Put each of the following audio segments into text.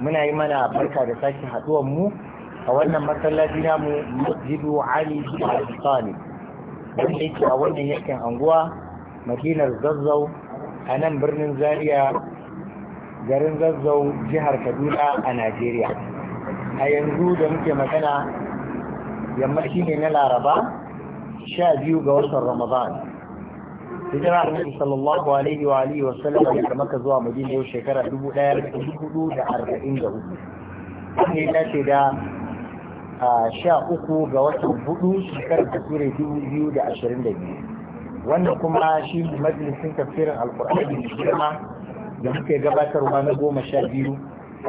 muna yi mana barka da sake haɗuwar mu a wannan masallaci mu masjidu ali al-sani wanda yake a wannan yankin anguwa madinar zazzau a nan birnin zaria garin zazzau jihar kaduna a najeriya a yanzu da muke magana yammaci ne na laraba sha biyu ga watan ramadan hijira annabi sallallahu alaihi wa alihi wa sallam daga maka zuwa madina yau shekara 1444 ne ta ce da sha uku ga watan hudu shekarar tafsirai 2022 wannan kuma shi majalisin tafsirin alkur'ani da girma da muke gabatarwa na goma sha biyu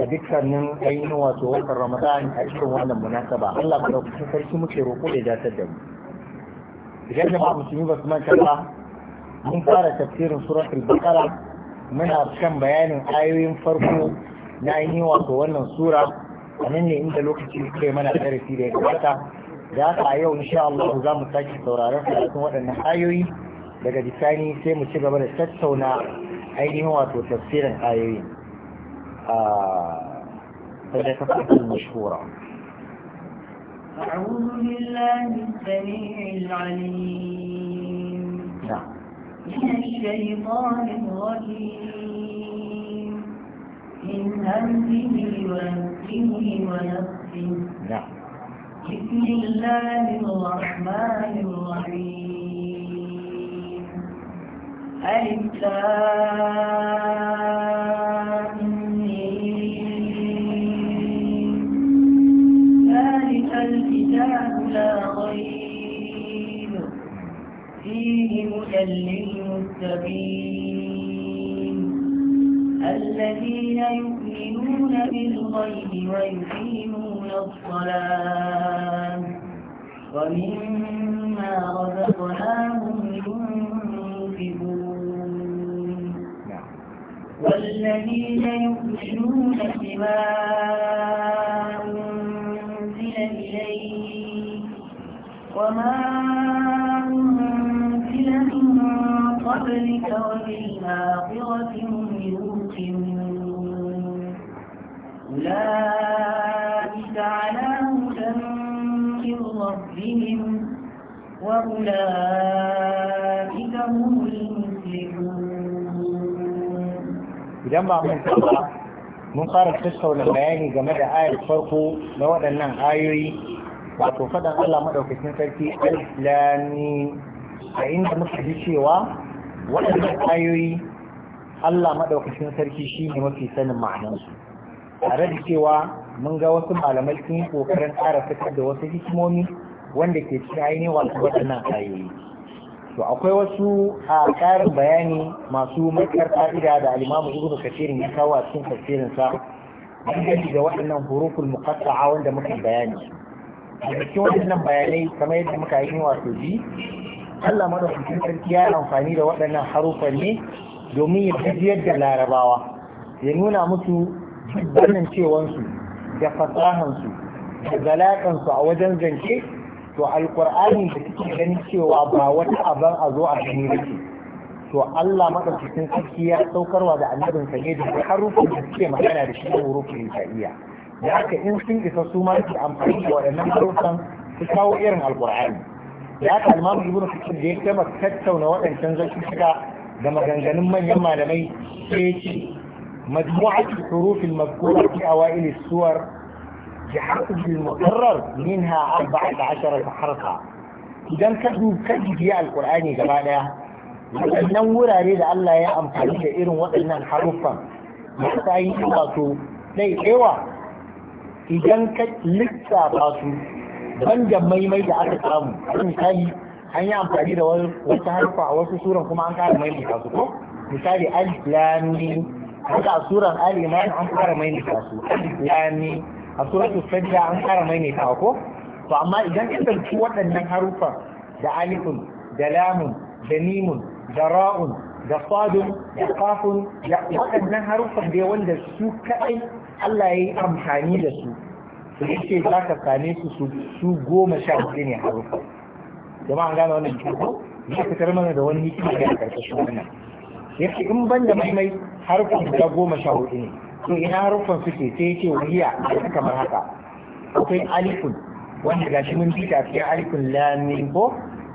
a dukkanin ainihin wato watan ramadan a cikin wannan munasaba allah madaukakin sarki muke roƙo da datar da mu idan jama'a musulmi ba su manta ba من فارة تفسير سورة البقرة من أركان بيان آيوين فرقو نايني وطوانا سورة أنني إنت لوكي تلقي من أكثر في ذلك الوقت جاءت آيو إن شاء الله وزام التاجي سورة رفع لكم وطن آيوين لقى دفاني سيمو تشبه بلا ستسونا أيني هو تفسير آيوين فهذا تفسير المشهورة أعوذ بالله السميع العليم نعم من الشيطان الرجيم من همزه ونفسه ونفسه نعم بسم الله الرحمن الرحيم ألف ذلك الكتاب لا غير فيه مجلد المتقين الذين يؤمنون بالغيب ويقيمون الصلاة ومما رزقناهم ينفقون نعم. والذين يؤمنون بما قبلك وبالآخرة هم يوقنون أولئك على هدى ربهم وأولئك هم mun fara tattauna bayani game da ayar farko na waɗannan ayoyi wato faɗan Allah maɗaukakin sarki alif a inda muka ji cewa waɗannan ayoyi Allah maɗaukacin sarki shi ne mafi sanin ma'anansu tare da cewa mun ga wasu malamai sun yi ƙoƙarin ƙara fitar da wasu hikimomi wanda ke cikin ainihin wasu waɗannan ayoyi to akwai wasu a ƙarin bayani masu matuƙar fa'ida da alimamu ibnu kasirin ya kawo a cikin tafsirin sa dangane da waɗannan huruful muqatta'a wanda muka bayani a cikin waɗannan bayanai kamar yadda muka yi wato bi Allah madaukakin sarki ya yi amfani da waɗannan harufan ne domin ya jijiyar da larabawa ya nuna musu wannan cewansu da fasahansu da galakansu a wajen zance to alkur'ani da suke ganin cewa ba wata abin a zo a gani da ke to Allah madaukakin sarki ya saukarwa da annabin sa ne da harufan da suke magana da shi da hurufin shari'a da haka in sun isa su ma su amfani da waɗannan harufan su kawo irin alkur'ani Ya haka almamu ibnu kasir da ya gama tattauna waɗancan zantuttuka da maganganun manyan malamai sai ya ce majmu'atu hurufil mazkura fi awail suwar بحسب المقرر منها 14 harka. idan ka duka jiya alkur'ani gaba daya waɗannan wurare da Allah ya amfani da irin waɗannan haruffan masu yi wato ɗai ɗewa idan ka lissafa su banda maimai da aka samu misali an yi amfani da wasu harfa a wasu suran kuma an kara da su ko misali alif lam haka a suran ali an kara da su alif a suran sajda an kara da ko to amma idan ka dauki waɗannan harufa da alifun da lamun da nimun, da ra'un da fadun, da kafun waɗannan harufan dai wanda su kaɗai Allah ya yi amfani da su to yake za ka same su su goma sha hudu ne harufa an gane wannan kyau ya fi mana da wani hikima da a karkashin wannan yake in ban da mai harufan guda goma sha hudu ne to ina harufan suke sai yake wahiya kamar haka akwai alifun wanda gashi mun bita fiye cikin alifun lamin ko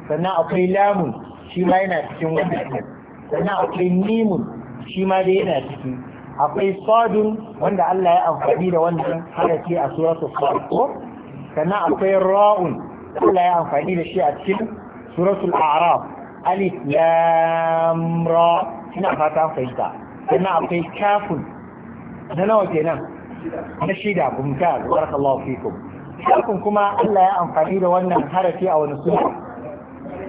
sannan akwai lamun shi ma yana cikin wannan sannan akwai nimun shi ma dai yana ciki akwai sadun wanda Allah ya amfani da wannan harafi a suratul sad ko sannan akwai ra'un Allah ya amfani da shi a cikin suratul a'raf alif lam ra ina fata fahimta sannan akwai kafun na nawa kenan na shida bumta barakallahu fikum kafun kuma Allah ya amfani da wannan harafi a wani sura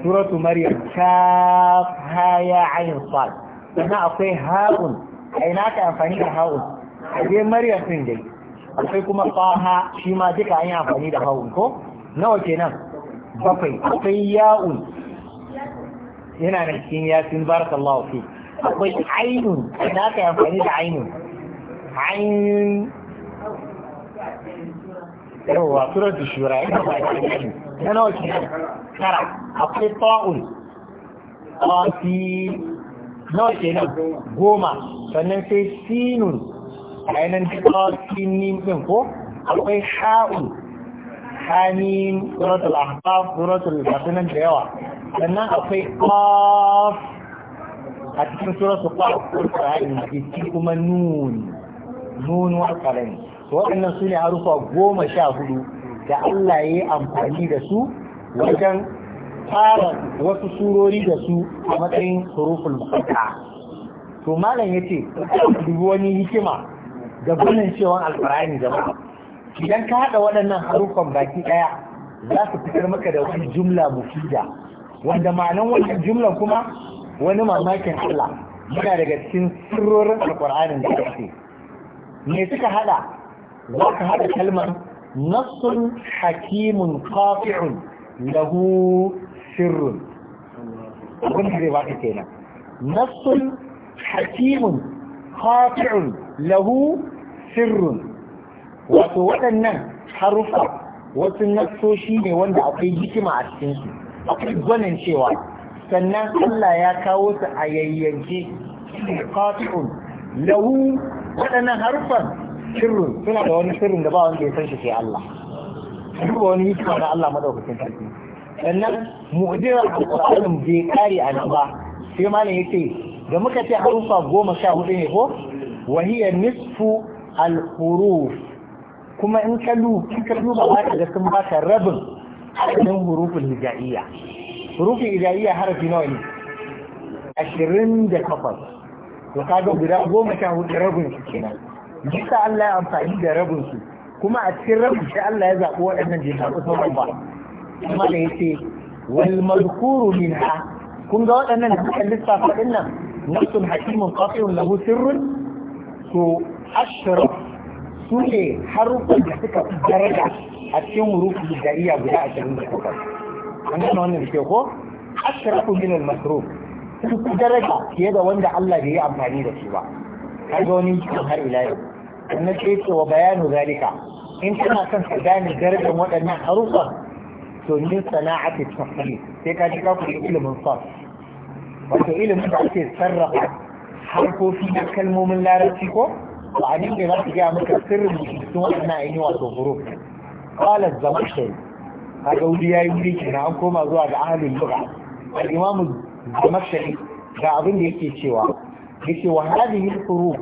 suratu maryam kaf ha ya ayin sad sannan akwai ha'un a ina ka amfani da A je maryam din dai akwai kuma faha shi ma duka an yi amfani da ha'un ko nawa kenan bakwai akwai ya'un yana da cikin yasin barakallahu fi akwai ainun ina ka amfani da ainun ainun yawa da shura ina ba Na nawa kenan tara akwai ta'un ta'fi nawa nan goma sannan sai sinun ainihin sinin nimfin ko akwai ha'un hannun suratul ahbab suratul fatinan da yawa sannan akwai qaf a cikin suratul qaf qur'ani jiki kuma nun nun wa qalam waɗannan su ne harufa goma sha hudu da Allah ya yi amfani da su wajen fara wasu surori da su a matsayin huruful muqatta to malam yace dubu wani hikima da gunin cewa alqur'ani jama'a idan ka haɗa waɗannan harufan baki ɗaya, za su fitar maka da wani jumla mufida wanda ma'anan wannan jumlan kuma wani mamakin Allah yana daga cikin sirrorin alqur'anin da ake me suka hada za ka hada kalmar nasun hakimun qati'un lahu sirrun abin da zai baka kenan nassun hakimun qati'un lahu sirrun wato waɗannan harufa wasu nassoshi ne wanda akwai hikima a cikin su akwai gwanin cewa sannan Allah ya kawo su a yayyanke qati'un lahu waɗannan harufan sirrun suna da wani sirrin da ba wanda ya san shi sai Allah duba wani hikima da Allah madaukakin sarki sannan mu'jirar alƙur'anin bai kare a nan ba sai malam ce, da muka ce harufa goma sha hudu ne ko wahiyar nisfu al kuma in ka duba ba ka ga sun baka rabin adadin hurufin hijaiya hurufin hijaiya harafi nawa ne ashirin da takwas to kaga guda goma sha hudu rabin su kenan bisa Allah ya amfani da rabin su kuma a cikin rabin sai Allah ya zaɓi waɗannan da ya sauran ba kuma da yace wal madhkuru minha kun ga waɗannan da suka lissafa din nan nafsun hakimun qati'un lahu sirrun to ashraf su ne harufan da suka fi daraja a cikin hurufu dariya guda ashirin da takwas an gano wannan da ke ko ashrafu min al masruf sun fi daraja fiye da wanda Allah bai yi amfani da shi ba kaga wani cikin har ila yau sannan sai ce wa bayanu zalika in kana son ka gane darajar waɗannan harufan to min sana'ati tahlil sai ka ji ka koyi ilimin sarf wato ilimin da ake sarrafa harkofi da kalmomin larabci ko ba a ne za su gaya maka sirrin cikin waɗannan ainihin wato huruf qala a kaga wuri yi wuri kenan an koma zuwa ga ahlul lugha al-imam zamakhshari ga abin da yake cewa yake wa hadhihi al-huruf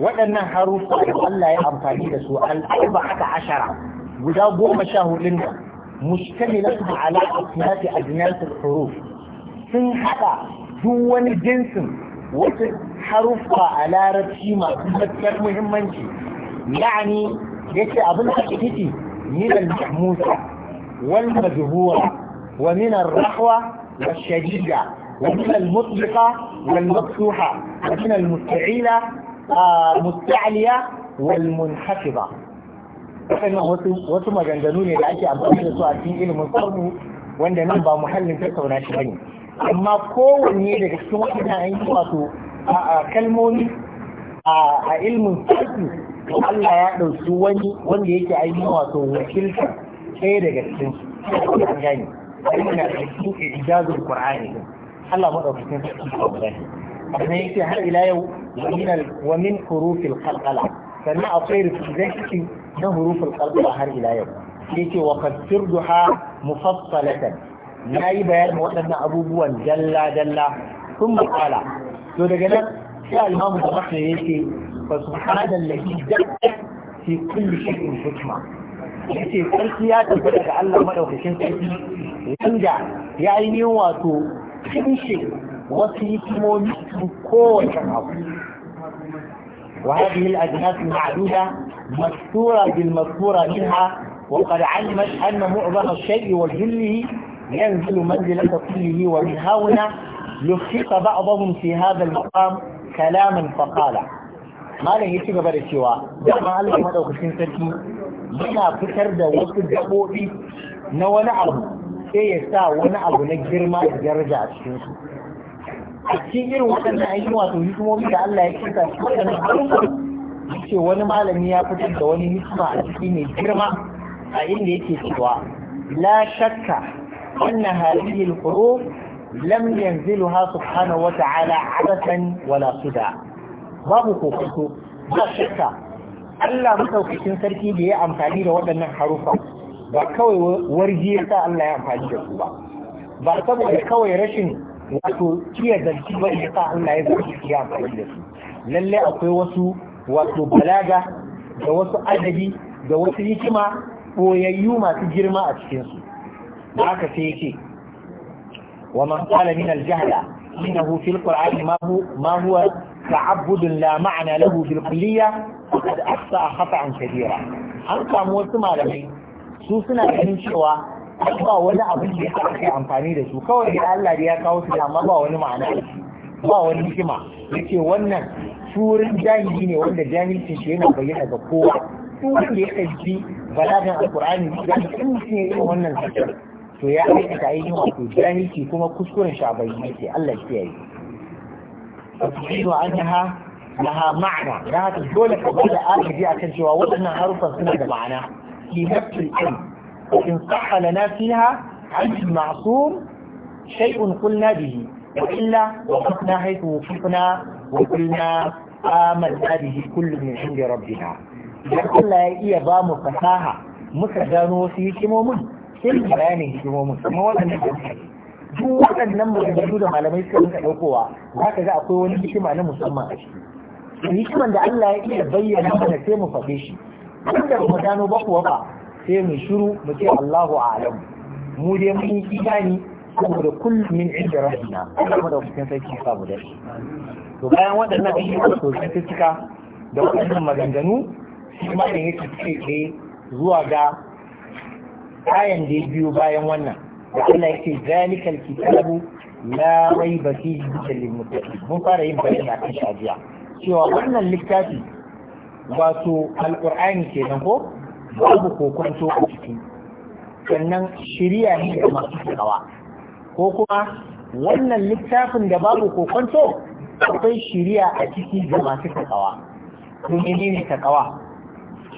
waɗannan harufa da Allah ya amfani da su al-arba'a ashara guda goma sha hudun nan مشتملة على اثنات اجناس الحروف سن حدا دون جنس وكل حروف على رتشي ما تذكر مهم يعني يكي أظن حقيقتي من المحموسة والمجهورة ومن الرخوة والشديدة ومن المطلقة والمفتوحة ومن المستعيلة آه، المستعلية والمنحفظة waɗannan wasu maganganu ne da ake amfani da su a cikin ilimin sarmu wanda nan ba muhallin tattauna shi bane amma kowanne daga cikin waɗannan an yi wato a kalmomi a ilimin sarki to Allah ya ɗauki wani wanda yake ainihin wato wakilta ɗaya daga cikin su an gane wannan na cikin ijazul qur'ani Allah madaukakin sarki ya gane sannan yake har ila yau wa min hurufil qalqala sannan akwai rufin na hurufin kalbuwa har ila yau sai ce wa fassir duha mufassalatan na yi bayanin waɗannan abubuwan dalla dalla kun makala to daga nan sai alimamu da masu ya ce fa subhanan lahi dakkat fi kulli shay'in hikma yace sarki ya tafi daga Allah madaukakin sarki wanda ya yi wato kinshe wasu hikimomi kowace abu وهذه الأجناس المعدودة مكسورة بالمكسورة منها وقد علمت أن معظم الشيء وجله ينزل منزلة طوله ومن هنا لفق بعضهم في هذا المقام كلاما فقال ما لن يتيب بار دعما الله مدوكسين سكي yana fitar da wasu gaɓoɓi na wani abu sai ya sa wani abu na girma da daraja a cikinsu a cikin irin waɗannan ayyuka wato hikimomi da Allah ya kisa su ce wani malami ya fitar da wani hikima a ciki mai girma a inda yake cewa la shakka anna hadhihi al-huruf lam yanzilha subhanahu wa ta'ala abatan wala suda babu kokoto ba shakka Allah madaukakin sarki da ya amfani da waɗannan harufa ba kawai warji ya sa Allah ya amfani da su ba ba saboda kawai rashin wato kiyar zarci ba ya sa Allah ya zarci ya amfani da su lalle akwai wasu wato balaga da wasu adabi da wasu hikima ɓoyayyu masu girma a cikinsu da aka sai yake wa man qala min al-jahla innahu fil qur'ani ma hu ma huwa ta'abbud la ma'na lahu bil kulliyya qad khata'an kabira an samu wasu malamai su suna ganin cewa ba wani abin da aka kai amfani da su kawai da Allah da ya kawo su amma ba wani ma'ana ba wani hikima yace wannan turin jahili ne wanda jahilci shi yana bayyana ga kowa turin da ya kaji balagan alkur'ani jahilcin mutum ya irin wannan zakar to ya aikata ainihin wato jahilci kuma kuskuren shi a bayyana ke Allah ya kiyaye da عنها dole ka bada تقول لك بعد آخر دي أكنشوا وأنا حرفا سنة معنى في نفس العلم وإن صح لنا فيها عن المعصوم شيء قلنا illa wa وقفنا حيث وفقنا وقلنا آمنا kullum كل inda عند na. idan Allah ya iya ba mu fasaha muka gano wasu hikimomin sai mu bayanin hikimomin kuma waɗannan da muka yi waɗannan maganganu da malamai suka rinka ɗaukowa za ka ga akwai wani hikima na musamman a ciki hikiman da Allah ya iya bayyana mana sai mu faɗe shi wanda ba mu gano ba kuwa ba sai mu shiru mu ce Allahu a'lam mu dai mun yi imani saboda kullum min inda rabbina Allah madaukakin sarki samu da shi to bayan waɗannan ayyuka sosai cika da waɗannan maganganu shi ma ne yake tsaye zuwa ga kayan da ya biyo bayan wannan da Allah yake zalikal kitabu la raiba fi hudan lil muttaqin mun fara yin bayani a kan shajiya cewa wannan littafi wato alqur'ani kenan ko babu kokonto a ciki sannan shiriya ne da masu tsawa ko kuma wannan littafin da babu kokonto akwai shiriya a ciki ga masu takawa to ne ne takawa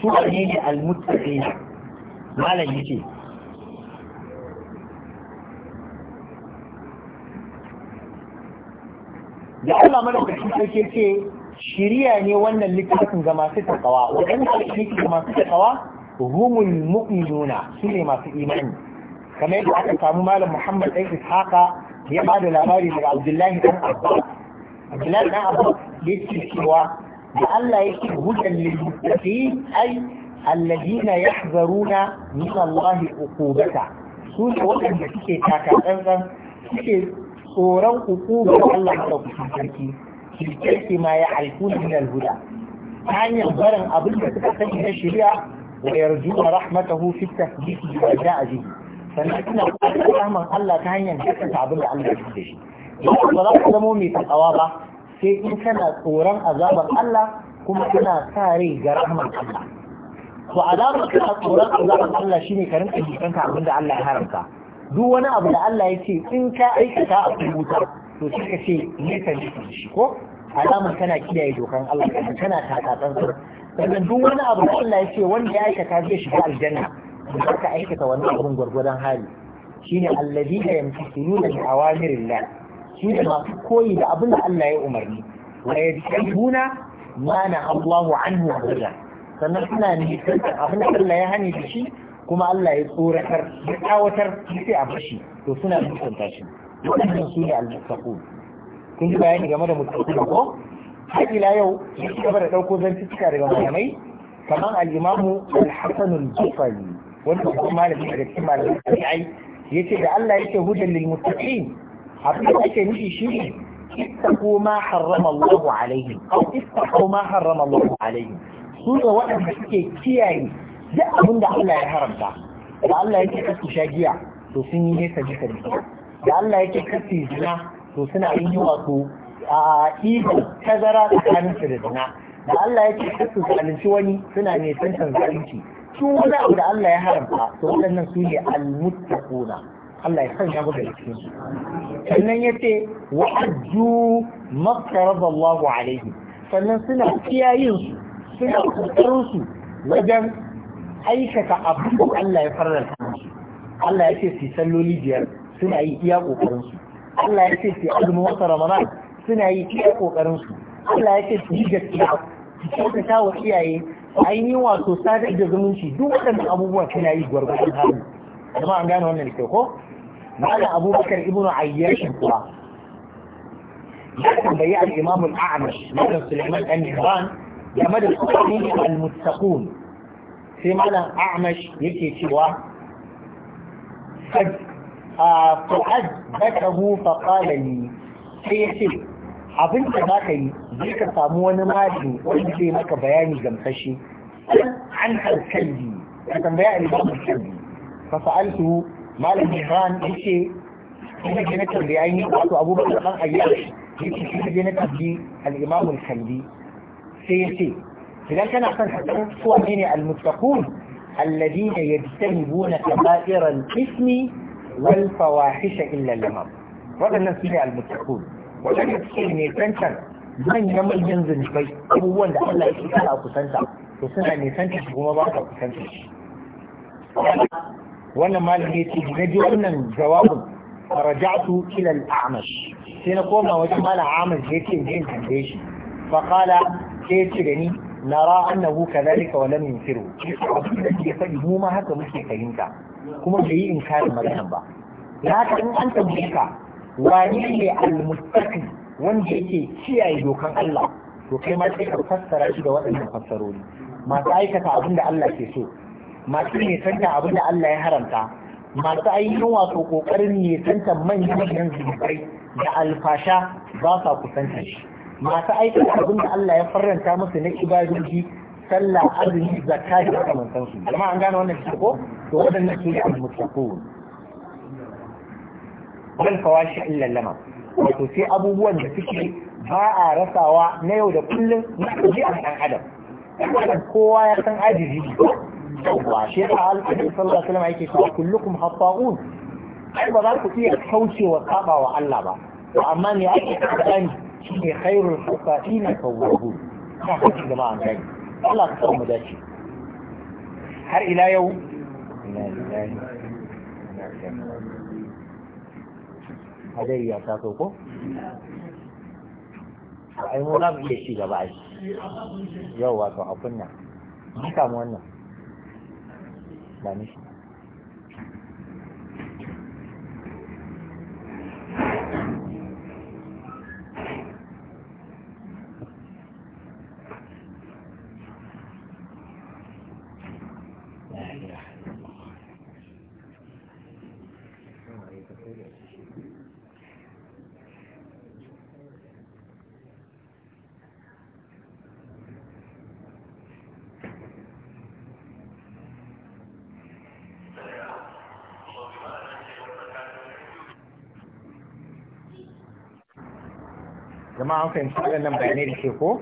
su ne ne almuttaqin malam yace da Allah madaukakin sarki ce shiriya ne wannan littafin ga masu takawa waɗanda ake ga masu takawa humul mu'minuna su ne masu imani kamar yadda aka samu malam Muhammad ɗan Ishaqa ya ba da labari daga Abdullahi ɗan Abbas bilal dan abu yake cewa da Allah yake hudan lil muttaqin ai alladina yahzaruna min Allah uqubata su ne waɗanda suke tsantsan, suke tsoron hukumar Allah da kusurki kirkirki ma ya haifu min al ta hanyar barin abin da suka sani na shari'a wa yarjuna rahmatahu fi tasdiqi wa ja'a bihi sannan suna kuma samun Allah ta hanyar kasance abin da Allah ya da shi ba za ka zama mai takawa ba sai in kana tsoron azabar Allah kuma kana sa rai ga rahmar Allah to azabar kana tsoron azabar Allah shine ka rinka ka abinda Allah ya haramta duk wani abu da Allah ya ce in ka aikata a cikin wuta to sai ka ce ne ka ji shi ko alamar kana kiyaye dokan Allah kana takatsan sannan duk wani abu da Allah ya ce wanda ya aikata zai shiga aljanna ba ka aikata wani abun gwargwadon hali shine alladhi yamtisununa bi awamirillah shi ne masu koyi da abin da Allah ya umarni wa yajtahuna ma na Allahu anhu wa sannan suna ne abin da Allah ya hane da shi kuma Allah ya tsoratar ya tsawatar sai a bashi to suna mutunta shi wannan su ne al-muttaqun kun ji bayani game da muttaqun ko har ila yau ya ci gaba da dauko zantuka daga malamai kamar al-imamu al-hasan al-jufari wanda kuma malami daga cikin malamai tabi'ai yace da Allah yake hudan lil muttaqin abin da ake nufi shi ne ittaqu ma harrama Allahu alaihim aw ittaqu ma harrama Allahu alaihim su ne waɗanda suke kiyaye duk abin da Allah ya haramta da Allah yake kasu shagiya to sun yi nesa bisa da da Allah yake kasu zina to suna yin yi wato a ido tazara tsakanin su da zina da Allah yake kasu zalunci wani suna nisan zalunci su wani abu da Allah ya haramta to waɗannan su ne al-muttaquna Allah ya sanya mu da cikin Sannan ya ce wa ajju makarada Allah alaihi sannan suna kiyayin su suna kokarin su wajen aikata abin da Allah ya faranta musu Allah ya ce su salloli biyar suna yi iya kokarin su Allah ya ce su azumin wata Ramadan suna yi iya kokarin su Allah ya ce su yi gaskiya su kyautata wa iyaye ainihin wato sadar da zumunci duk waɗannan abubuwa suna yi gwargwadon hali jama'a an gane wannan da ke ko معنى أبو بكر ابن عياش القرآن لكن بيئة الإمام الأعمش مدن سليمان النهران يمد القرآن المتقون في معنى أعمش يكي سوى فج آه، فعد بكه فقال لي سيسي أبنت باكي ذيك صامو نماجي في مك بياني جمخشي عن الكلبي يحكم بيئة الإمام الكلبي فسألته malam Iran yace ina ke na tambaye ainihin wato abubakar dan ayyash yace ina ga na tambaye al-imam al-kalbi sai yace idan kana son ka san su wane ne al-muttaqun alladhina yajtanibuna kaba'ira al-ismi wal fawahisha illa al-lamam wadannan su ne al-muttaqun da suke ne tantan manyan manyan zunubai abubuwan da Allah ya kira a kusanta to suna ne tantan kuma ba ka kusanta shi wannan malami ya ce na ji wannan jawabin farajatu ila al-a'mash sai na koma wajen malam a'mash ya ce zai tambaye shi fa qala sai ya ce da ni nara annahu kadhalika wa lam yunkiru abin da ke faɗi mu ma haka muke fahimta kuma bai yi inkarin maganan ba Ya haka in an tambaye ka wani ne al-muttaqi wanda yake kiyaye dokan Allah to kai ma sai ka fassara shi da waɗannan fassarori masu aikata abin da Allah ke so masu nisanta abin da Allah ya haramta masu ainihin wato kokarin nisanta manyan zunubai da alfasha ba sa kusanta shi masu aikin abin da Allah ya faranta musu na ibadoji sallah azumi zakka da makamantan su amma an gane wannan ko to waɗannan su ne al-muttaqun wal fawashi illa lama wato sai abubuwan da suke ba a rasawa na yau da kullum na ji an adam kowa ya san ajiji وعشان قال صلى الله عليه وسلم كلكم خطاؤون ايضا ذلك فيه الحوشي والطبع وعلبة وعمان يأكد أن خير الخطائين فوهون نحن في جماعة جاي ألا تقوم ذلك هل إلى يوم إلى هذا هي أساسوكو أي مولاب إيشي جبعي يوم واسو حفنا نحن كامونا ba kamar an fahimci waɗannan bayanai da ke ko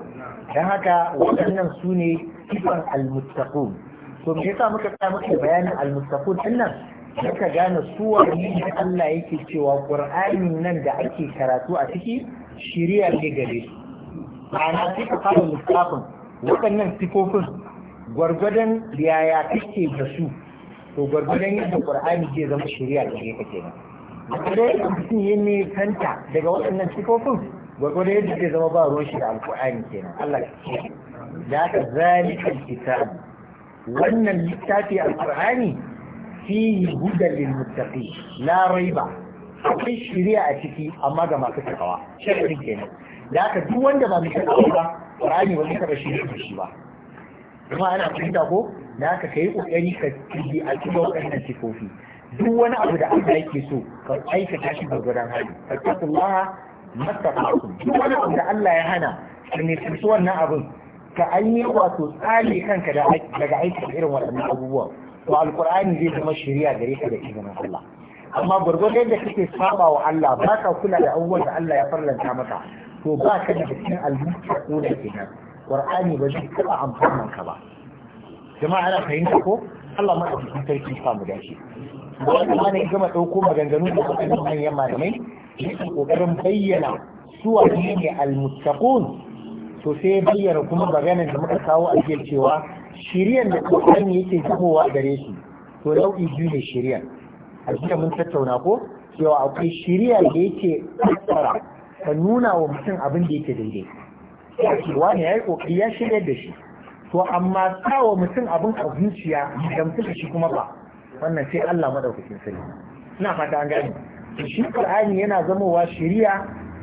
don haka waɗannan su ne kifan almuttaqun to me yasa muka tsaya muke bayanin almuttaqun din nan muka gane wani da Allah yake cewa Qur'ani nan da ake karatu a ciki shari'a ne gare su ma'ana sai ka fara lissafin waɗannan sifofin gwargwadon yaya kake da su to gwargwadon yadda Qur'ani ke zama shiriya ne kake kenan. Gwargwadon yadda mutum ya ne kanta daga waɗannan sifofin gwargwadon yadda zai zama ba ruwan shi da alkur'ani kenan Allah ke ce da haka zalikal kitab wannan littafi alkur'ani fihi hudan lil muttaqi la raiba akwai shiriya a ciki amma ga masu takawa shirin kenan da haka duk wanda ba mai takawa ba qur'ani ba zai taba shiriya da shi ba kuma ana fahimta ko da haka kai kokari ka tibi a cikin wannan sifofi duk wani abu da Allah yake so ka aikata shi gwargwadon hali fattakullaha mastafatum duk wani abu da Allah ya hana ka ne wannan abin ka an yi wato tsali kanka daga aikin irin waɗannan abubuwan to alkur'ani zai zama shari'a gare ka da izinin Allah amma gwargwado yadda kake saba wa Allah ba ka kula da abubuwan da Allah ya farlanta maka to ba ka da cikin almusta ko da kenan qur'ani ba zai taba amfanin ka ba jama'a ana fahimta ko Allah ma a cikin sarki samu dashi wanda mana ya gama ɗauko maganganu da suka yi manyan malamai yake ƙoƙarin bayyana suwa ne almuttaqun to sai bayyana kuma maganar da muka kawo a jiya cewa shiriyan da Qur'ani yake zubowa gare shi to nau'i biyu ne shiriyan a jiya mun tattauna ko cewa akwai shiriya da yake tsara ka nuna wa mutum abin da yake daidai cewa ne yi kokari ya shirya da shi to amma sa wa mutum abin a zuciya da mutum shi kuma ba wannan sai Allah madaukakin sarki ina fata an gane shi Qur'ani yana zamowa shari'a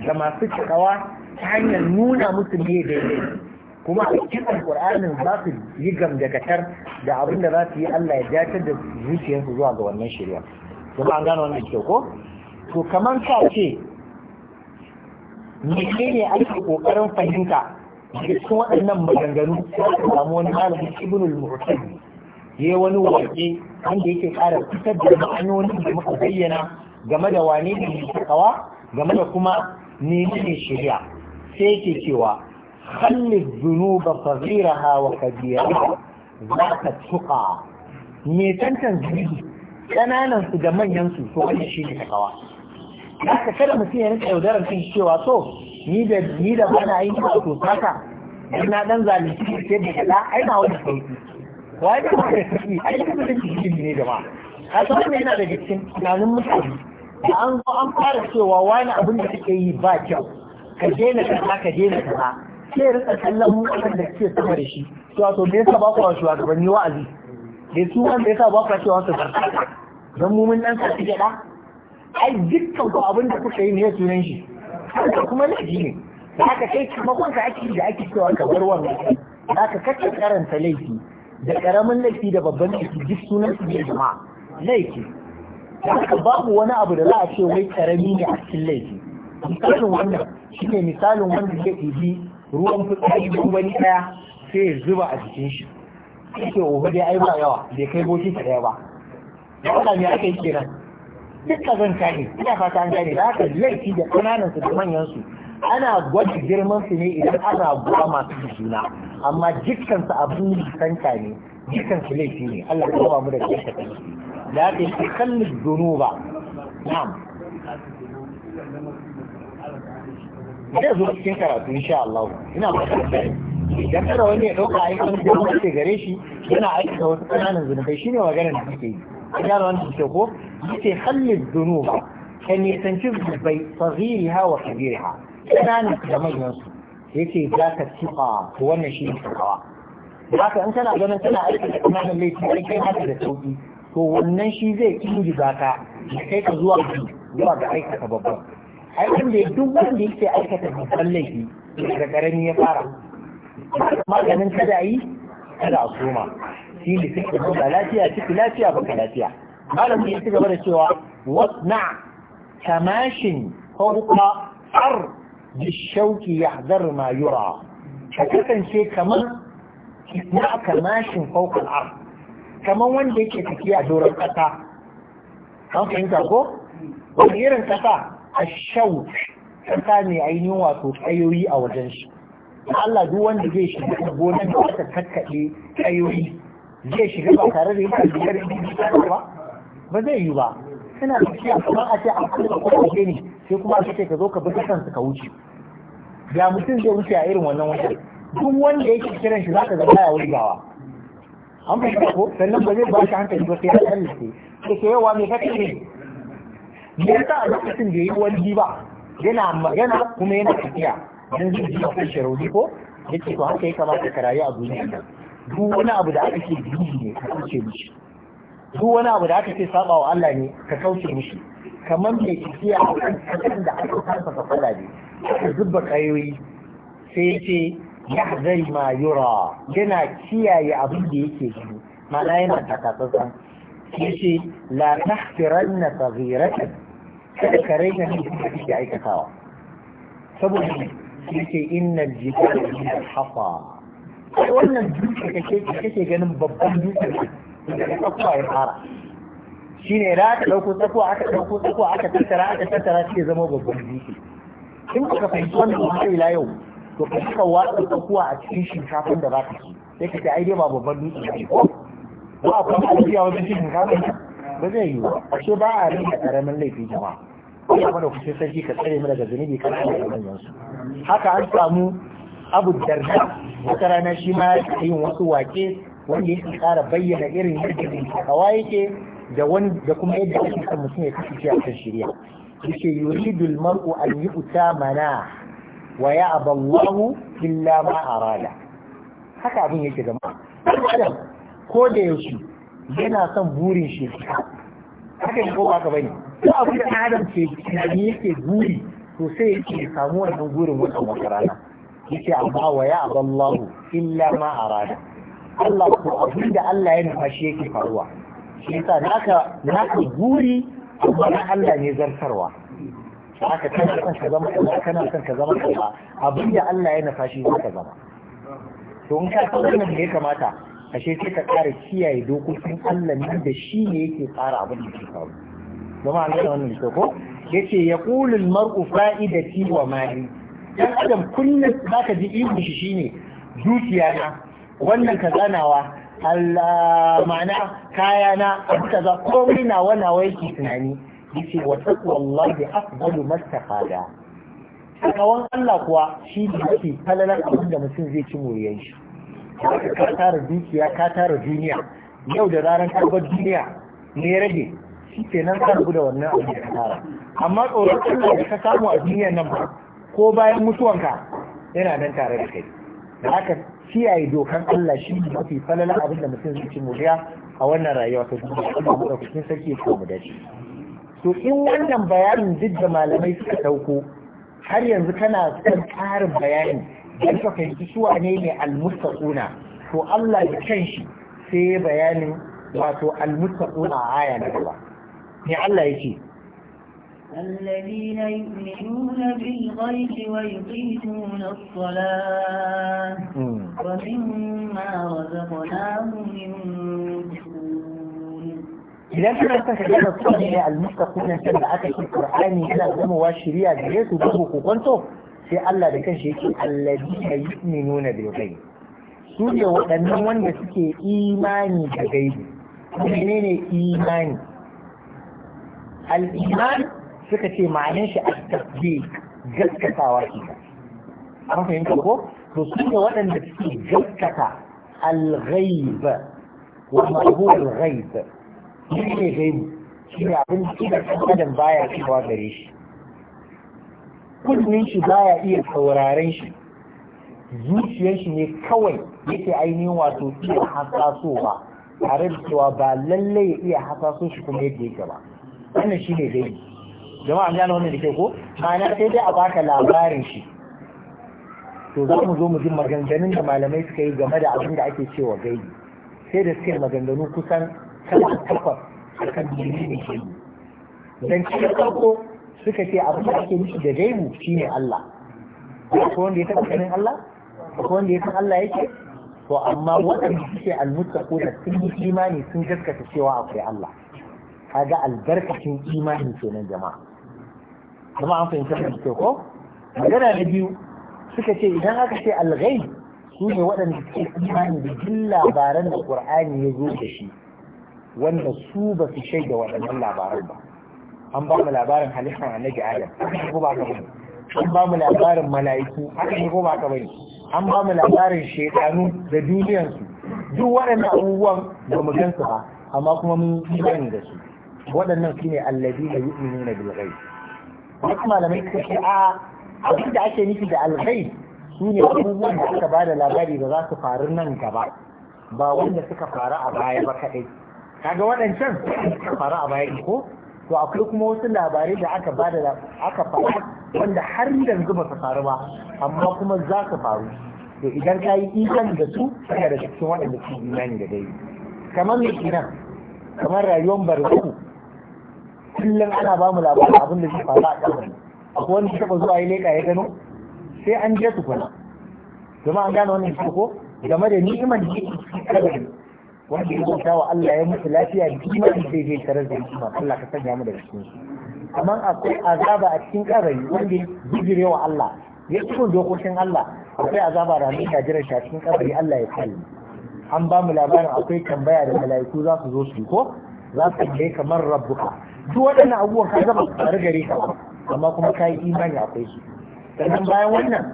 ga masu cikawa ta hanyar nuna musu ne daidai kuma a cikin Qur'anin za su yi gamdakatar da abin da za su yi Allah ya dacar da zuciyarsu zuwa ga wannan shari'a ba an gane wannan kyau ko to kamar ka ce ne ake kokarin fahimta cikin waɗannan maganganu sai samu wani malami ibnul mu'tazili ya wani waje wanda yake kara fitar da ma'anonin da muka bayyana game da wane ne mai kawa, game da kuma ne shirya? sai yake cewa khalli dhunuba saghiraha wa kabiraha ka tuka me tantan zunubi kananan su da manyan su to wani shi ne Ya haka kada mutum ya rika yaudarar kan cewa to ni da ni da bana yin ba to saka na dan zalunci sai da kada ai na wani sauki Waye wai da kuma yi ai kuma da cikin ne jama'a a san yana da cikin tunanin mutane da an zo an fara cewa wani abin da kake yi ba kyau ka daina kaza ka daina kaza sai ya rasa kallon mu da kake sama da shi to wato me yasa ba ku wa shugabanni wa'azi da su wanda yasa ba ku cewa su zarta dan mu mun nan sa tige da ai dukkan ku abin da kuka yi ne sunan shi haka kuma ne Za ka kai kuma kun ka yi da ake cewa ka bar wannan ka kace karanta laifi da karamin laifi da babban laifi duk sunan su ne jama'a laifi da aka babu wani abu da za a ce wai karami ne a cikin laifi misalin wannan shine misalin wanda ya ɗibi ruwan fitsari don wani ɗaya sai ya zuba a jikin shi ke ohu dai ai ba yawa bai kai goshi ta ɗaya ba da wata ne aka yi kiran duk ka zan kane ina fata an gane da haka laifi da ƙananan su da manyan su ana gwada girman su ne idan ana gwa masu juna amma dukkan su abin nisanta ne dukkan laifi ne Allah ya kawo mu da kanta kan shi da haka yake kallin dunuba na'am zai zo cikin karatu insha Allah ina ba ta idan kada wani ya dauka aikin da kuma ce gare shi yana aiki aikata wasu kananan zunubai shine maganar da kake yi idan wani ke ko yace kallin dunuba kan nisanci zunubai sagiriha wa kabiriha ƙananan da manyan su yace za ka tiƙa to wannan shi ne takawa haka in kana ganin kana aiki da ƙananan laifi sai kai haka da sauƙi to wannan shi zai ingiza ka kai ka zuwa zuwa ga aikata babban ai wanda ya duk wanda yake aikata babban laifi daga ƙarami ya fara maganin kada yi kada a soma shi ne suke ba lafiya ciki lafiya baka lafiya malam ya ci gaba da cewa wasna tamashin fawqa ar ya yahdar ma yura ka kasance kamar na aka mashin al ar kamar wanda yake a doron kasa an fahimta ko wani irin kasa ashau kasa ne ainihin wato ƙayoyi a wajen shi Allah duk wanda zai shiga da da aka kakkaɗe zai shiga ba tare da yin ba ba zai yi ba suna tafiya kamar a ce a kuma kwashe ne sai kuma a ce ka zo ka bi kansu ka wuce ya mutum zai wuce a irin wannan wajen duk wanda yake kiran shi zaka ga ya wurgawa an shi ko sannan ba zai ba shi hankali ba sai ya tsallake sai ke yawa me kake ne me yasa a lokacin da yayi wani ba yana magana kuma yana tafiya dan zai ji ko shiraudi ko yake to haka ya kamata ka rayu a duniya duk wani abu da aka ce biyu ne ka kace mishi duk wani abu da aka ce saba wa Allah ne ka kauce mishi kamar mai tafiya a kan da aka kasa ka fada ne ka zuba kayoyi sai ya ce yahzari ma yura yana kiyaye abin da yake gani ma'ana yana takatsantsan ya ce la na saghiratan kada ka raina ne da kake aikatawa saboda ya ce innal jibala min al-hafa wannan dutse kake kake ganin babban dutse tsakuwa ya fara shi ne da aka ɗauko tsakuwa aka ɗauko tsakuwa aka tattara aka tattara shi zama babban dutse in kuka fahimci wannan wahayi la yau to ka suka watsa tsakuwa a cikin shinkafin da za ka ci sai ka ce ai dai ba babban dutse ba ko ba a kuma ajiya wajen cin shinkafin ba zai yiwu ashe ba a rinka karamin laifin jama'a ya mana kusa sarki ka tsare mu daga zunubi kan Allah da manyan su haka an samu Abu Darda wata rana shi ma yin wasu wake wanda yake ƙara bayyana irin yadda mai Hawa yake da wani da kuma yadda ake son mutum ya kasance a kan shirya yace yuridu al-mar'u an yu'ta mana wa ya'ba Allahu illa ma arada haka abin yake jama'a adam ko da yaushe yana son burin shi haka ne ko ba ka bane ko abin da adam ke tunani yake buri to sai yake samu wannan burin wannan wata rana yace amma wa ya'ba Allahu illa ma arada Allah ko abin da Allah ya nufa yake faruwa shi yasa naka naka guri amma na Allah ne zartarwa haka kana son ka zama kaza kana son ka zama kaza abin da Allah ya nufa shi zaka zama to in ka san wannan ne kamata ashe sai ka ƙara kiyaye dokokin Allah ne da shi ne yake fara abin da ke faru zama an gane wannan ko yace yaqulu al-mar'u fa'idati wa mali dan adam kullum zaka ji ihu shi shine dukiya na wannan ka tsanawa Allah ma'ana kayana abu kaza komai nawa wana waiki tunani yace wa taqwallahi afdalu mastaqada tsakawan Allah kuwa shi ne yake falalar abin da mutum zai ci moriyar shi ka tara dukiya ka tara duniya yau da ranar karbar duniya ne rage shi ke nan ka rabu da wannan abin da ka tara amma tsoron Allah da ka samu a duniya nan ba ko bayan mutuwanka yana nan tare da kai da haka kiyaye dokan Allah shi ne mafi falala abin da mutum zai ci muriya a wannan rayuwa ta duniya Allah mu dauki sarki ko mu dace to in wannan bayanin duk da malamai suka dauko har yanzu kana son karin bayani dan ka fahimci su wane ne almustaquna to Allah da kanshi sai bayanin wato almustaquna a aya na gaba ne Allah yake الذين يؤمنون بالغيب ويقيمون الصلاة ومما رزقناهم ينفقون إذا كنت تشجع الصالح المستقيم سبعة في القرآن إلى الزموة الشريعة جيت وجبه كنتم sai Allah da kanshi yake allazi ka yu'minuna bil ghaib su ne waɗannan wanda suke imani da gaibi menene imani al iman suka ce ma'anin shi a tasdi gaskatawa ke an fahimta ko to su ne waɗanda suke gaskata al-ghaib wa mahul ghaib shi ne gaibu shi ne abin da kila adam baya cewa gare shi kunnin shi baya iya sauraren shi zuciyar shi ne kawai yake ainihin wato iya hasasowa tare da cewa ba lallai ya iya hasaso shi kuma yadda yake ba wannan shi ne gaibu jama'a an gane wannan da ke ko ma'ana sai dai a baka labarin shi to za mu zo mu ji maganganun da malamai suka yi game da abin da ake cewa gaibi sai da suke maganganu kusan kala takwas a kan menene gaibi dan cikin farko suka ce abin da ake nufi da gaibu shine Allah ko wanda ya taɓa ganin Allah ko wanda ya san Allah yake to amma waɗanda suke almuttaquna sun yi imani sun gaskata cewa akwai Allah kaga albarkacin imani kenan jama'a kuma an fahimta da ke ko magana na biyu suka ce idan aka ce algai su ne waɗanda suke imani da jin labaran da qur'ani ya zo da shi wanda su ba su shaida waɗannan labaran ba an ba mu labarin halittar annabi adam ko ba ka bane an ba mu labarin mala'iku haka ne ko ba ka bane an ba mu labarin shekanu da duniyansu duk waɗannan abubuwan ba mu gansu ba amma kuma mun yi da su waɗannan su ne allazi da yu'minuna bil ghaib wasu malamai suka ce a abin da ake nufi da alghaib shi ne abubuwan da aka bada labari da za su faru nan gaba ba wanda suka faru a baya ba kaɗai kaga waɗancan suka faru a baya ko to akwai kuma wasu labarai da aka bada aka faru wanda har yanzu ba su faru ba amma kuma za su faru to idan ka yi ikon da su da cikin waɗanda su imani da dai kamar mai kamar rayuwar barzaku kullum ana ba mu labarin abin da zai faru a kabari akwai wani taba zuwa ya leka ya gano sai an je tukuna kuma an gane wannan ko game da ni'imar da yake cikin kabari wanda ya bauta wa Allah ya mutu lafiya da kimar da zai je tarar da hikima Allah ka sanya mu da cikin su amma akwai azaba a cikin kabari wanda ya bijire wa Allah ya cikin dokokin Allah akwai azaba da ne jiran shi a cikin kabari Allah ya kare an ba mu labarin akwai tambaya da mala'iku za su zo su ko za su je kamar rabbuka duk waɗannan abubuwan ka zama faru gare ka amma kuma ka yi imani akwai su sannan bayan wannan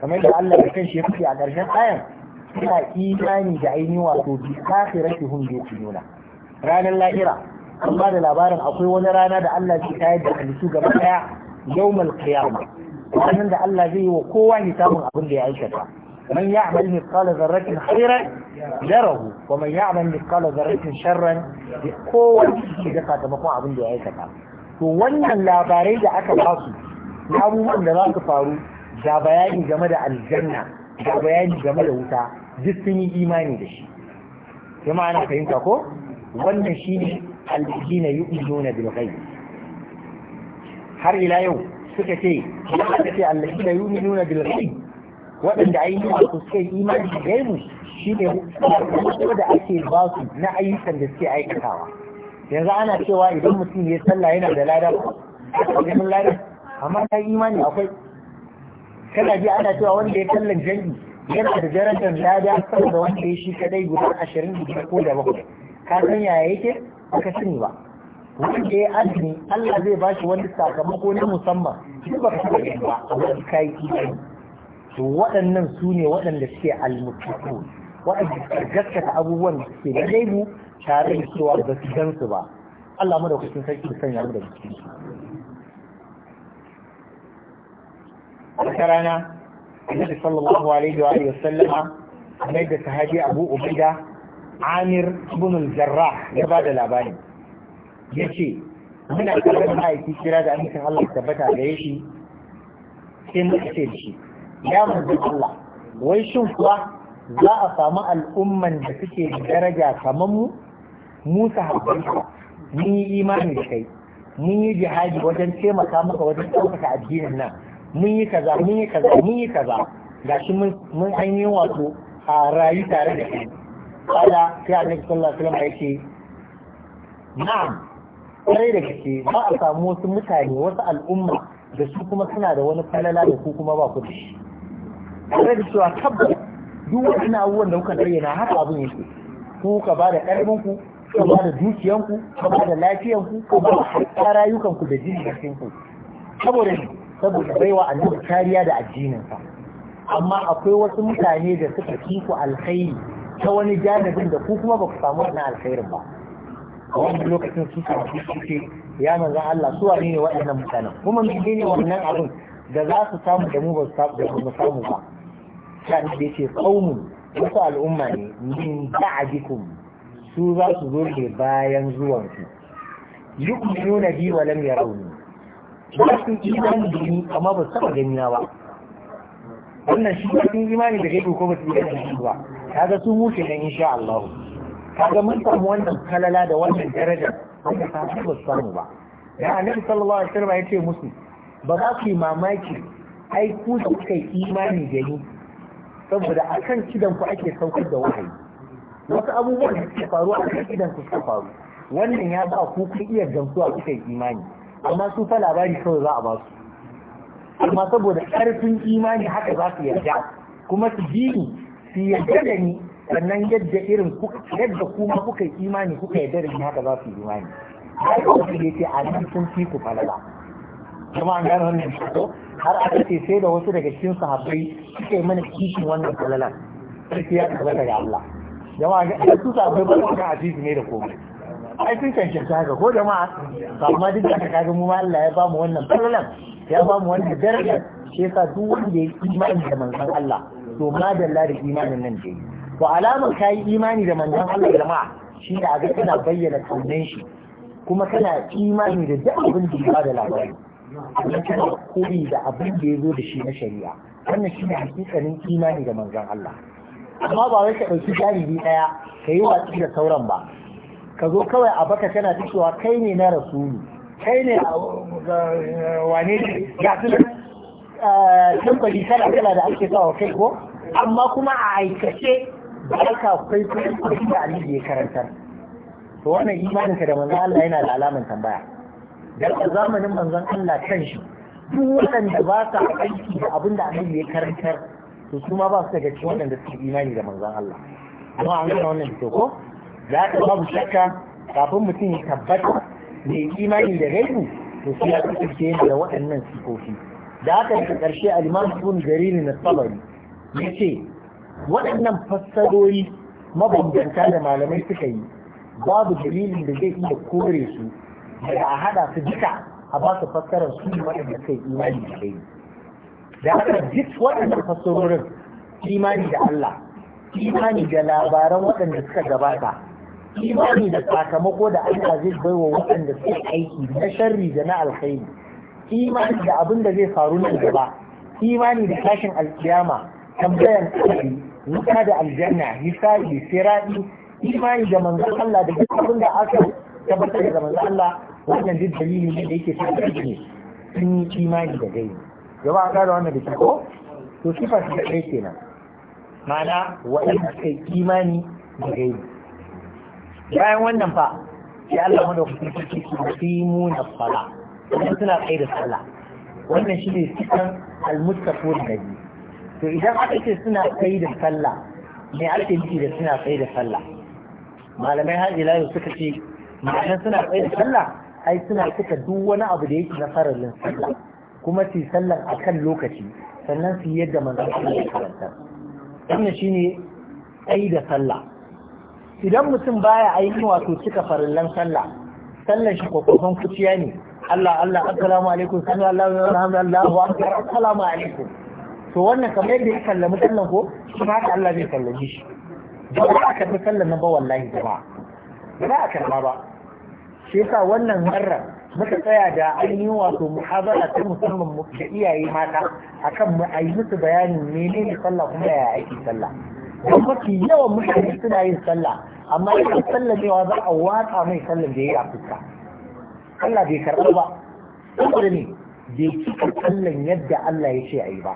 kamar da Allah ya kanshi ya fice a ƙarshen ayan suna imani da ainihin wato bi akhiratuhum nuna ranar lahira an ba da labarin akwai wani rana da Allah ke tayar da halittu gaba yau yawmal qiyamah ranar da Allah zai yi wa kowa hisabin abin da ya aikata من يعمل مثقال ذرة خيرا يره ومن يعمل مثقال ذرة شرا يكون في ذكاة مقوعة من دعاية كتاب وانا لا باريد عكا باسو يا أبو من لا تفارو جابيان جمد الجنة جابيان جمد وطا جسني إيماني دشي كما أنا فهمت أكو وانا شيني الذين يؤمنون بالغيب هر إلى يوم سكتي الذين يؤمنون بالغيب waɗanda ainihin wato su suke imani da gaimu shi ne da ake ba su na ayyukan da suke aikatawa yanzu ana cewa idan mutum ya sallah yana da lada neman lada amma ta imani akwai kana ji ana cewa wanda ya kallon jangi yana da darajar lada saboda wanda ya shi kadai guda ashirin da biyar ko da bakwai ka san yaya yake baka sani ba wanda ya azumi Allah zai bashi wani sakamako na musamman duk baka sani ba amma kai imani waɗannan su ne waɗanda suke almutuku waɗanda gaskata abubuwan da suke da gaibu tare da cewa ba su gan su ba Allah mu da kusin sarki da sanya mu da cikin su wata rana Annabi sallallahu alaihi wa alihi sallama mai da sahabi Abu Ubaida Amir ibn al-Jarrah ya ba da labari yace muna kallon aiki kira da amincin Allah tabbata gare shi sai muka ce da shi ya manzan Allah wai shin kuwa za a samu al'umman da suke da daraja kamar mu Musa sahabbai mun yi imani da kai mun yi jihadi wajen taimaka maka wajen ɗaukaka addinin nan mun yi kaza mun yi kaza mun yi kaza gashi mun ainihin wato a rayu tare da kai kada sai annabi sallallahu alaihi wasallam yake na'am kwarai da gaske ba a samu wasu mutane wasu al'umma da su kuma suna da wani falala da ku kuma ba ku da shi tare da cewa tabbas duk waɗannan abubuwan da kuka bayyana haka abin yake ku ka ba da ƙarfin ka ba da dukiyanku, ka ba da lafiyan ka ba da hatta da jini cikin ku saboda saboda baiwa annabi kariya da addininsa. amma akwai wasu mutane da suka fi ku alkhairi ta wani janibin da ku kuma ba ku samu wannan alkhairin ba a wani lokacin su samu suke ya manzan Allah su wane ne waɗannan mutanen kuma mene ne wannan abin da za su samu da mu ba su samu ba ta da yake qaumun wasu al'umma ne min ba'dikum su za su zo ne bayan zuwan ku nuna bi wa lam yarawni ba su imani da ni amma ba saba gani na ba wannan shi ba sun imani da gaibu ko ba su imani da ba kaga sun wuce nan insha Allah kaga mun samu wannan kalala da wannan darajar sai ta ba samu ba da annabi sallallahu alaihi wasallam ya ce musu ba za ku yi mamaki ai ku da imani da ni saboda a kan ku ake saukar da wahayi wasu abubuwan da suke faruwa a kan kidan ku suka faru wannan ya ba ku kun iya gamsuwa kuka yi imani amma su fa labari kawai za a ba su amma saboda ƙarfin imani haka za su yarda kuma su bi ni su yarda da ni sannan yadda irin yadda kuma kuka yi imani kuka yarda da ni haka za su yi imani ai ko ce a nan sun fi ku falala kuma an gano wannan fito har aka ce sai da wasu daga cikin sahabbai suke yi mana kishin wannan falalan sai ya tabbata ga Allah jama'a ga su sahabbai ba su ga hadisi ne da komai ai sun cancanci haka ko jama'a ba ma duk da kaga mu ma Allah ya ba mu wannan falalan ya ba mu wannan daraja shi yasa duk wanda ya imani da manzon Allah to ma da Allah da imanin nan dai to alamar kai imani da manzon Allah jama'a shi da ga kana bayyana kaunan shi kuma kana imani da duk abin da ya ba da labari idan kana koyi da abin da ya zo da shi na shari'a wannan shi ne hakikanin imani da manzon Allah amma ba wai ka ɗauki jaribi ɗaya ka yi watsi da sauran ba ka zo kawai a baka tana ta cewa kai ne na rasulu kai ne uh, wane ne ga su uh, tambari kala kala da ake sawa kai ko amma kuma a aikace ba ka kai kuma da Ali ya karantar to wannan ka da manzon Allah yana da alaman tambaya dan zamanin manzon Allah kan shi duk waɗanda ba sa aiki da abin da annabi ya karantar to su ma ba su daga cikin waɗanda suke imani da manzon Allah amma an gana wannan da ko za ka babu shakka kafin mutum ya tabbata mai imani da gaibu to su ya kasance da waɗannan sifofi da haka daga ƙarshe al-Imam Ibn Jarir an-Tabari yace waɗannan fassarori mabambanta da malamai suka yi babu dalilin da zai iya kore su daga a hada su jika, a ba su fassarar su waɗanda kai imani da kai da haka duk waɗanda fassarorin imani da Allah imani da labaran waɗanda suka gabata imani da sakamako da Allah zai baiwa waɗanda suke aiki na sharri da na alkhairi imani da abin da zai faru nan gaba imani da tashin alkiyama tambayan kafi wuta da aljanna misali, siradi imani da manzon Allah da duk abin da aka tabbatar da manzo Allah wannan duk dalili ne da yake tabbata ne sun yi imani da gaibi gaba a gane wannan da ke ko to sifar ta kai kenan ma'ana wa'anda suka yi imani da gaibi bayan wannan fa sai Allah mana kuma sarki su yuqimu na fara wannan suna kai da sallah wannan shi ne sifan al da nabi to idan aka ce suna kai da sallah ne ake nufi da suna kai da sallah malamai har ila suka ce ma'ana suna tsaye da sallah ai suna cika duk wani abu da yake na farallin sallah kuma su sallar a kan lokaci sannan su yi yadda manzon Allah ya karantar wannan shine tsayi da sallah idan mutum baya aiki wato cika farillan sallah sallar shi kwakwakwan kuciya ne Allah Allah assalamu alaikum sallallahu alaihi wa alhamdulillah wa assalamu alaikum to wannan kamar yadda ya sallama sallan ko shi haka Allah zai kallami shi ba za ka fi sallan ba wallahi jama'a ba za a karba ba shi yasa wannan marar muka tsaya da ainihin wato muhabara ta musamman da iyaye mata akan mu a yi musu bayanin menene sallah kuma yaya ake sallah don mafi yawan mutane suna yin sallah amma yana sallamewa za a watsa mai sallan da ya yi a fuska Sallah bai karɓa ba saboda ne bai cika sallan yadda Allah ya ce a yi ba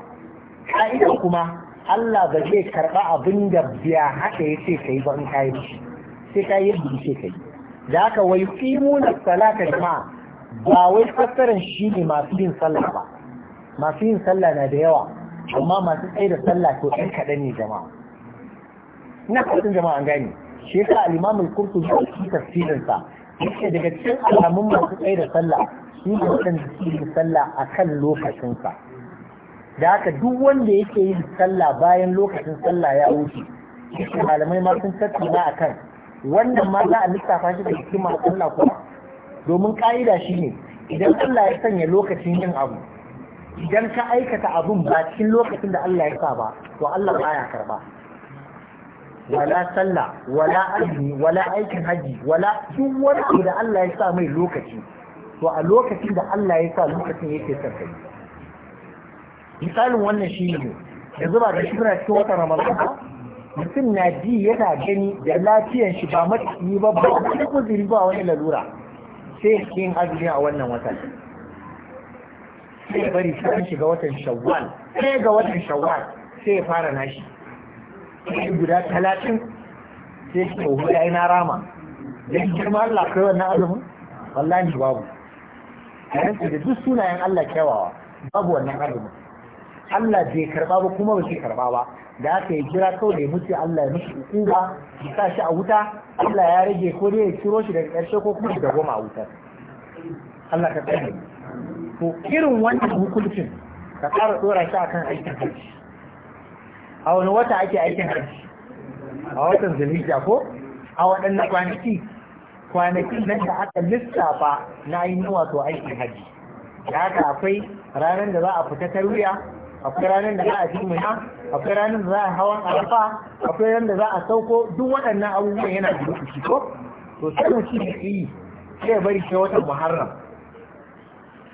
ka'ida kuma Allah ba zai karɓa abin da biya haka ya ce ka yi ba in ka yi sai ka yi yadda yake kai da haka wai qimuna salata jama'a ba wai fassaran shi ne masu yin sallah ba masu yin sallah na da yawa amma masu tsaye da sallah to ɗan kaɗan ne jama'a ina fatan jama'a an gane shi yasa al-imam al-qurtubi a cikin tafsirin sa yake daga cikin alamun masu tsaye da sallah shi ne waɗanda suke yin sallah a kan lokacinsa. da haka duk wanda yake yin sallah bayan lokacin sallah ya wuce malamai ma sun tattauna akan wannan ma za a lissafa shi da hikima Allah kuma domin ka'ida shi ne idan Allah ya sanya lokacin yin abu idan ka aikata abun ba cikin lokacin da Allah ya sa ba to Allah ya karba wala sallah wala azumi wala aikin haji wala duk wani abu da Allah ya sa mai lokaci to a lokacin da Allah ya sa lokacin yake sarka misalin wannan shi ne yanzu ba da shi muna cikin watan Ramadan ba mutum na ji yana gani da lafiyan shi ba matakiyi ba ba cikin kuzuri ba wani lalura sai yin azumi a wannan watan sai bari sai shiga watan shawwal sai ga watan shawwal sai ya fara nashi sai guda talatin sai shi ko ya yi na rama shi girma Allah kai wannan azumin wallahi babu yanzu da duk sunayen Allah kyawawa babu wannan azumin Allah bai karba ba kuma ba shi karba ba da aka yi kira kawai da ya mutu Allah ya mishi ba ya sa shi a wuta Allah ya rage ko dai ya ciro shi daga ƙarshe ko kuma da goma a wutar Allah ka tsaye to irin wannan hukuncin ka ƙara ɗora shi akan aikin hajji a wani wata ake aikin hajji a watan zulhijja ko a waɗannan kwanaki kwanakin nan da aka lissafa na yi wato aikin hajji da haka akwai ranar da za a fita tarwiya akwai ranar da za a fi muna akwai ranar da za a hawan arafa akwai ranar da za a sauko duk waɗannan abubuwan yana da lokaci ko to sanin shi da yi sai bari sai watan muharram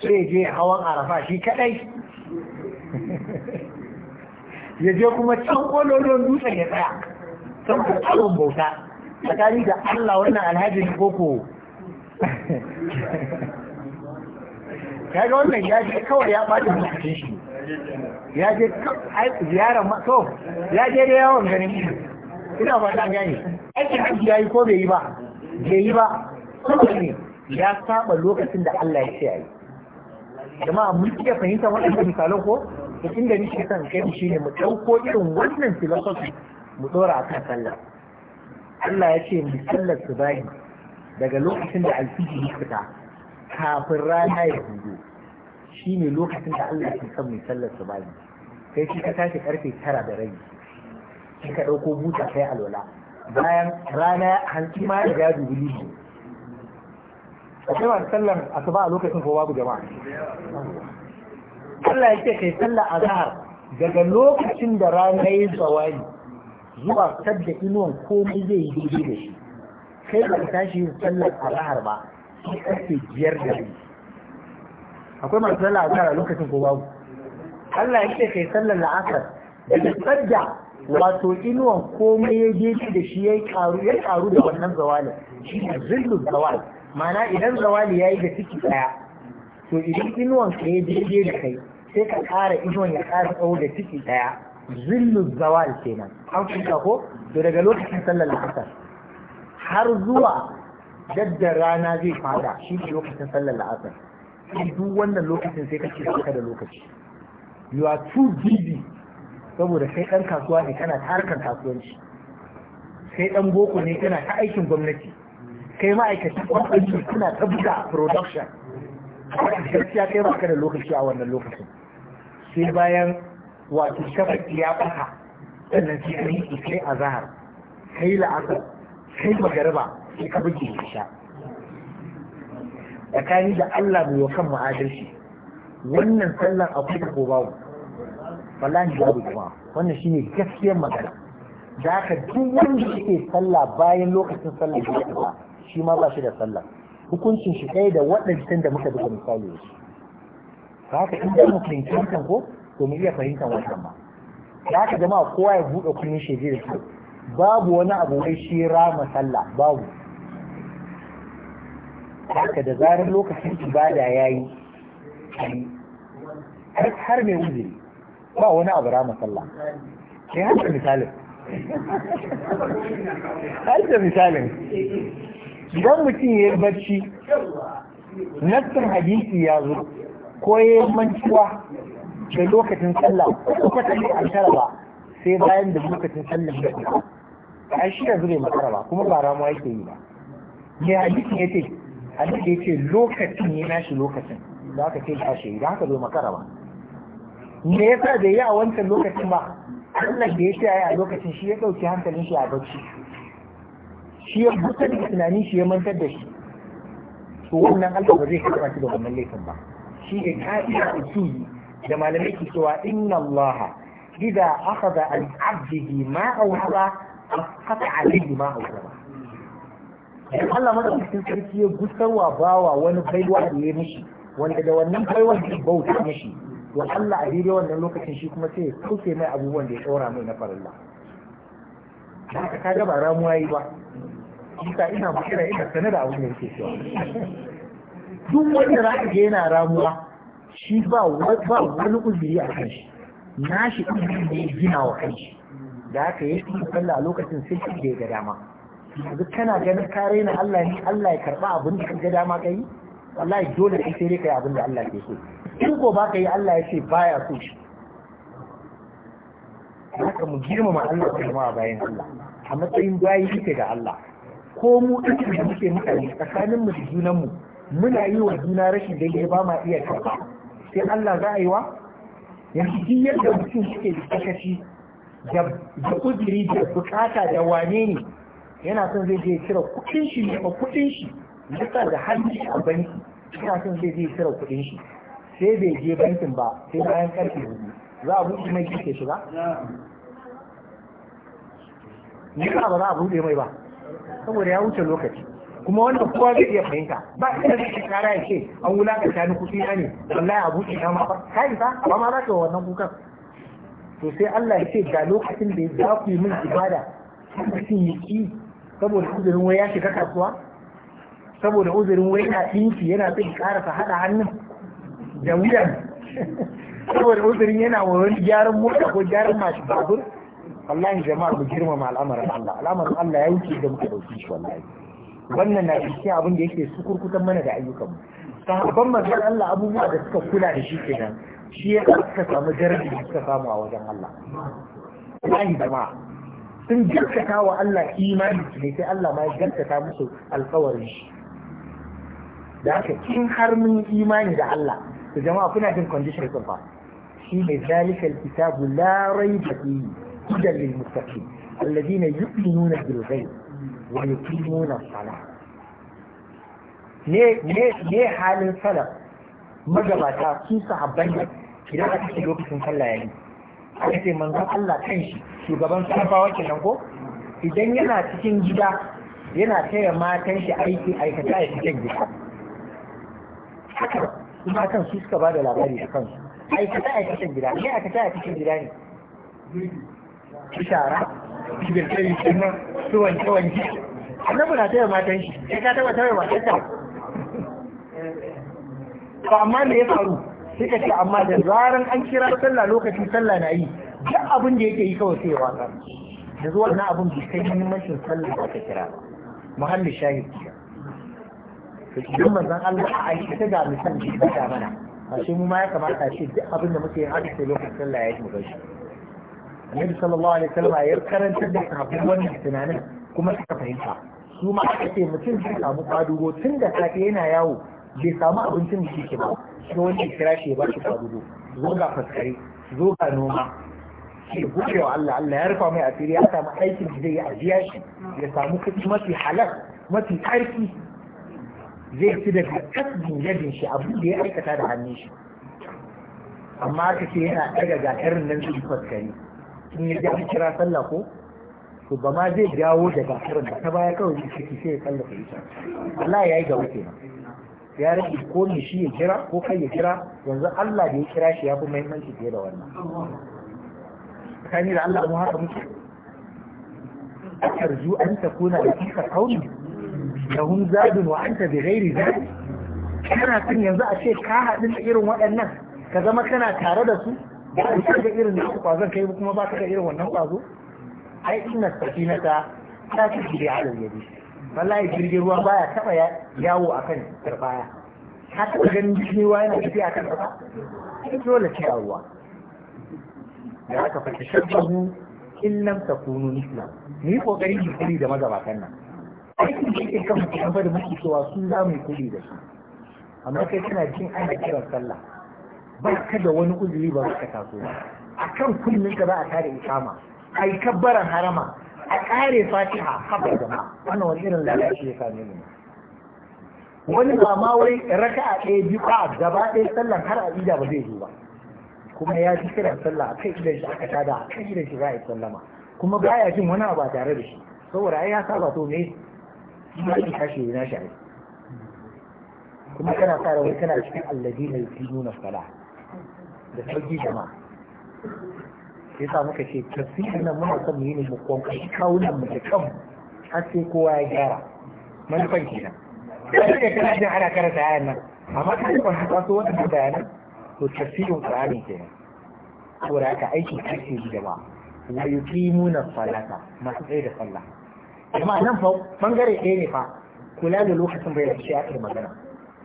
sai je hawan arafa shi kadai ya je kuma can kololon dutsen ya tsaya can ku tsaron bauta tsakani da Allah wannan alhaji ne koko kaga wannan ya je kawai ya bada mutuncin shi ya je ziyara maso ya je da yawon ganin ina ba gani aikin ya yi ko bai yi ba bai yi ba ne ya saba lokacin da Allah ya ce yi. jama'a mun iya fahimta wannan misalan ko da inda nake son kai shi ne mu ɗauko irin wannan filosofi mu a akan sallah Allah ya ce mu sallar subahi daga lokacin da alfiji ya fita kafin rana ya hudu Shi ne lokacin da Allah ke son mai sallar su bayi sai shi ka tashi karfe tara da rai shi ka ɗauko buta kai alwala bayan rana hanci ma ya gaji dubuli ne kai masu sallar asuba a lokacin ko babu jama'a Allah ya ce kai sallar azhar daga lokacin da rana yi zawali zuwa sadda inuwan komai zai yi daidai da shi kai ba ka tashi yin sallar azhar ba sai karfe biyar da rai akwai masu sallah a tsara lokacin ko babu Allah ya ce kai sallar la'asar da tsadda wato inuwan komai ya gefe da shi ya karu ya karu da wannan zawali shi ne zillu zawali ma'ana idan zawali ya yi da ciki daya to idan inuwan ka ya daidai da kai sai ka kara inuwan ya kara tsawo da ciki daya zillu zawal kenan an fita ko to daga lokacin sallar la'asar har zuwa dadda rana zai fada shi ne lokacin sallar la'asar sai wannan lokacin sai kake baka da lokaci you are too busy saboda kai ɗan kasuwa ne kana harkar kasuwanci Sai ɗan boko ne kana ta aikin gwamnati kai ma'aikacin kwanfanci kuna ta buga production gaskiya kai ka da lokaci a wannan lokacin sai bayan wato shafa ya faka sannan sai yi kai a zahar kai la'asar kai magariba sai ka buge sha tsakani da Allah mai wa kan adalci wannan sallar a kuma ko babu wallahi babu kuma. wannan shine gaskiyar magana da haka duk wanda yake sallah bayan lokacin sallar da ya ba shi ma ba shi da sallah hukuncin shi kai da waɗancan da muka duka misali da shi ta haka in mu fahimci ko to mu iya fahimtar wannan ma da haka jama'a kowa ya buɗe kunnen shi da shi babu wani abu wai shi rama sallah babu haka da zarar lokacin ibada ya yi har mai uzuri ba wani abu rama sallah sai har da misalin har da misalin idan mutum ya yi barci nassin hadisi ya zo ko ya yi mantuwa da lokacin sallah ko kwatanni an tara ba sai bayan da lokacin sallah ya fita a shi yanzu bai makara ba kuma ba ramuwa yake yi ba me hadisi ya ce annabi ya ce lokacin ya nashi lokacin da aka ce ba shi idan aka zo makara ba me sa da ya a wancan lokacin ba Allah da ya ce a lokacin shi ya dauki hankalin shi a bacci shi ya buta da tunani shi ya mantar da shi to wannan Allah ba zai karɓa shi da wannan laifin ba shi da ka'ida usuli da malamai ke cewa inna Allah idza akhadha an abdihi ma awhaba qata alayhi ma awhaba in Allah madaukakin sarki ya gusarwa bawa wani baiwa da ya mishi wanda da wannan baiwa da bauta mishi to Allah a daidai wannan lokacin shi kuma sai ya kuke mai abubuwan da ya tsora mai na farilla haka ka gaba ramuwa yi ba Isa ina bukira ina sanar da abin da yake cewa duk wanda za ka ga yana ramuwa shi ba wani uzuri a kan shi na shi ɗin da ya gina wa kan shi da haka ya fi sallah a lokacin sai da ya ga dama yanzu kana ganin ka raina Allah ne Allah ya karba abin da kaga dama kai wallahi dole kai sai kai abin da Allah ke so in ko ba ka yi Allah ya ce baya so shi haka mu girmama Allah ko kuma bayan Allah a matsayin bayi kike ga Allah ko mu ɗin da muke mutane tsakanin mu da junan mu muna yi wa juna rashin yake ba ma iya karba sai Allah za a yi wa yanzu duk yadda mutum suke da kashi da kudiri da bukata da wane ne yana son zai je kira kudin shi ne ba kudin shi bisa da hannu a banki yana son zai je kira kudin shi sai bai je bankin ba sai bayan karfe hudu za a buɗe mai kike shiga ni ba za a buɗe mai ba saboda ya wuce lokaci kuma wanda kowa zai iya fahimta ba ina zai ci kara ya ce an wulakanta ni kuɗi na ne wallahi a buɗe na ma ba kai ba ba ma za ka wannan kukan to sai Allah ya ce ga lokacin da ya ku yi min ibada mutum ya ki saboda uzurin wai ya shiga kasuwa saboda uzurin wai na tinki yana tsaye karasa hada hannun da wuyan saboda uzurin yana wani gyaran mota ko gyaran mashi babur wallahi jama'a mu girmama al'amarin Allah al'amarin Allah ya wuce da muka dauki shi wallahi wannan na cikin abin da yake sukurkutan mana da ayyukan mu sahabban manzon Allah abubuwa da suka kula da shi kenan shi ya ka samu darajar da suka samu a wajen Allah wallahi jama'a sun gaskata wa Allah imani ne sai Allah ma ya gaskata musu alkawarin shi da haka in har mun imani da Allah to jama'a kuna jin condition sun ba? shi ne zalikal kitabu la raiba fihi hudan lil muttaqin alladhina yu'minuna bil ghaib wa yuqimuna as-salah ne ne ne halin salaf magabata su sahabban idan aka ce lokacin sallah yayi sai ce manzon Allah kan shi shugaban sarrafawa kenan ko idan yana cikin gida yana taya matan shi aiki aikata a cikin gida haka kan su suka ba da labari a kansu aikata a cikin gida ne aikata a cikin gida ne su shara su birkari sunan su wanke wanke annabi na taya matan shi ya ka taba taya matan ta ba amma me ya faru suka ce amma da zaran an kira sallah lokaci sallah na yi duk abin da yake yi kawai sai ya wasa da zuwa na abin bai kai muhimmancin sallar da aka kira ba muhammad shahid to idan manzon Allah a aiki ta ga misal shi ta mana a shi mu ma ya kamata shi duk abin da muke yin haka sai lokacin sallah ya yi mu gaishe annabi sallallahu alaihi wasallam ya karantar da sahabbai wannan tunanin kuma suka fahimta su ma aka ce mutum zai samu kwadugo tun da safe yana yawo bai samu abincin da shi ba shi wani kira shi ya ba shi kwadugo zo ga faskare zo ga noma shi gode wa Allah Allah ya rufa mai asiri ya samu aikin da zai yi a shi ya samu kuɗi mafi halal mafi ƙarfi zai fi da kasbin yadin shi abu da ya aikata da hannun shi amma aka ce yana ɗaga gatarin nan zai fuskari in ya ji kira sallah ko to ba ma zai jawo da gatarin ba ta baya kawai zai ciki sai ya tsallafa ita Allah ya yi ga wuce ya rage ko me shi ya kira ko kai ya kira yanzu Allah da ya kira shi ya fi muhimmanci fiye da wannan tsakani da Allah mu haka muke arju an kuna da kika da hun zadun wa anta bi ghairi zad kana son yanzu a ce ka haɗu irin waɗannan ka zama kana tare da su ba ka ga irin da kwazon kai kuma ba ka ga irin wannan kwazo ai inna safinata ta ci gidi a yadi wallahi jirgin ruwa baya taba yawo akan turbaya ka taba ganin jirgin wa yana tafiya akan turbaya dole ce a ruwa da aka fata shabbahu in lam takunu misla ni kokari ki kuri da magabatan nan aikin da yake kan mutum bari muke cewa sun za mu kuri da shi. amma kai kana jin ana kiran sallah ba ka da wani uzuri ba ka taso ba kan kullum ka za a tare ikama yi kabbaran harama a kare fatiha haɓar jama'a wannan wani irin lalaci ya same ni wani ba ma wai raka'a ɗaya biyu ba gaba ɗaya sallan har a ida ba zai zo ba kuma ya ji kiran sallah akai idan shi aka tada akai idan shi za a yi sallama kuma baya jin wani abu tare da shi saboda ai ya saba to ne ba shi kashi na shi kuma kana fara wai kana cikin alladina nuna sala da sauki jama'a sai muka ce tafsirin nan muna son yi ne mu kwanka kawunan mu da kanmu har sai kowa ya gyara manufan kenan sai da kana jin ana karanta ayan nan amma kan ba su wasu bayanan to tafsirin qur'ani nan saboda haka aikin ake yi jama'a wa yuqimuna salata masu tsaye da sallah amma nan fa bangare ɗaya ne fa kula da lokacin bai shi ake magana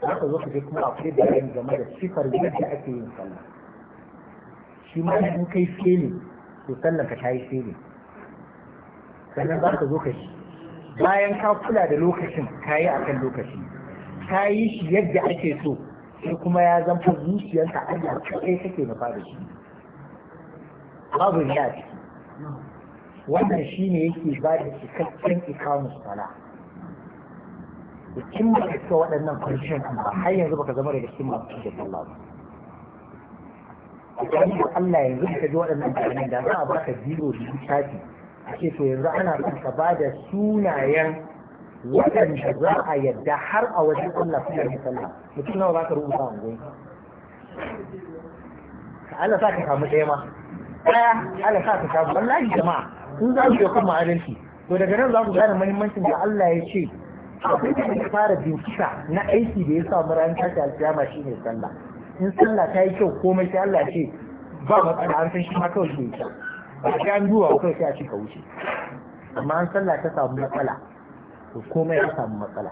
za ka zo ka je kuma a da yin game da sifar yadda ake yin sallah shi ma in kai ne, to sallah ka tayi ne. sannan za ka zo ka shi bayan ka kula da lokacin ka yi kan lokaci ka yi shi yadda ake so sai kuma ya zamfa zuciyarka Allah kaɗai kake nufa da shi babu riya ciki wannan shi ne yake ba da cikakken ikamus sala cikin ba ka waɗannan kwanciyar an ba har yanzu baka zama daga cikin masu da Allah ba idan ba Allah yanzu ka ji waɗannan bayanan da za a baka biro da littafi a ce to yanzu ana son ka ba da sunayen waɗanda za a yadda har a wajen Allah su yi sallah mutum nawa za ka rubuta a goyi Allah sa ka samu ɗaya ma ɗaya Allah sa ka samu wallahi jama'a sun za su yi kan ma'adalci to daga nan za ku gane muhimmancin da Allah ya ce abin da ya fara bincika na aiki da ya samu ranar tashi shi ne sallah in sallah ta yi kyau komai sai Allah ce ba matsala an san shi ma kawai ke kyau ba sai an duwa kawai sai a ci ka wuce amma an sallah ta samu matsala to komai ya samu matsala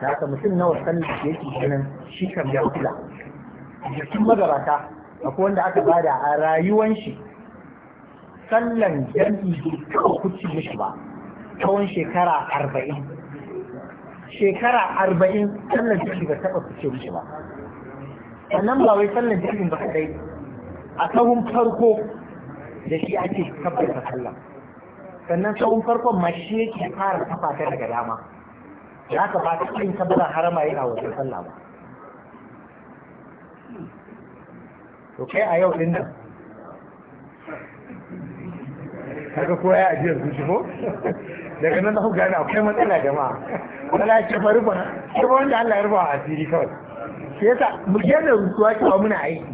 da haka mutum nawa ke yake ganin shi kam ya kula jikin magabata akwai wanda aka bada a rayuwan shi sallan jam'i kawai kuci mishi ba tsawon shekara arba'in shekara arba'in sallan jami'i ba taɓa kuce mishi ba sannan ba wai sallan jam'i ba kadai a sahun farko da shi ake tabbata sallan sannan sahun farkon mashi yake fara kafa daga dama za ka ba ta cin kabila harama yana wajen sallah ba to kai a yau din nan kaga ko ya ajiyar shi ko daga nan ku gane akwai matsala jama'a wala ce fa rufa ce wanda Allah ya rufa asiri kawai shi yasa mu da rutuwa cewa muna aiki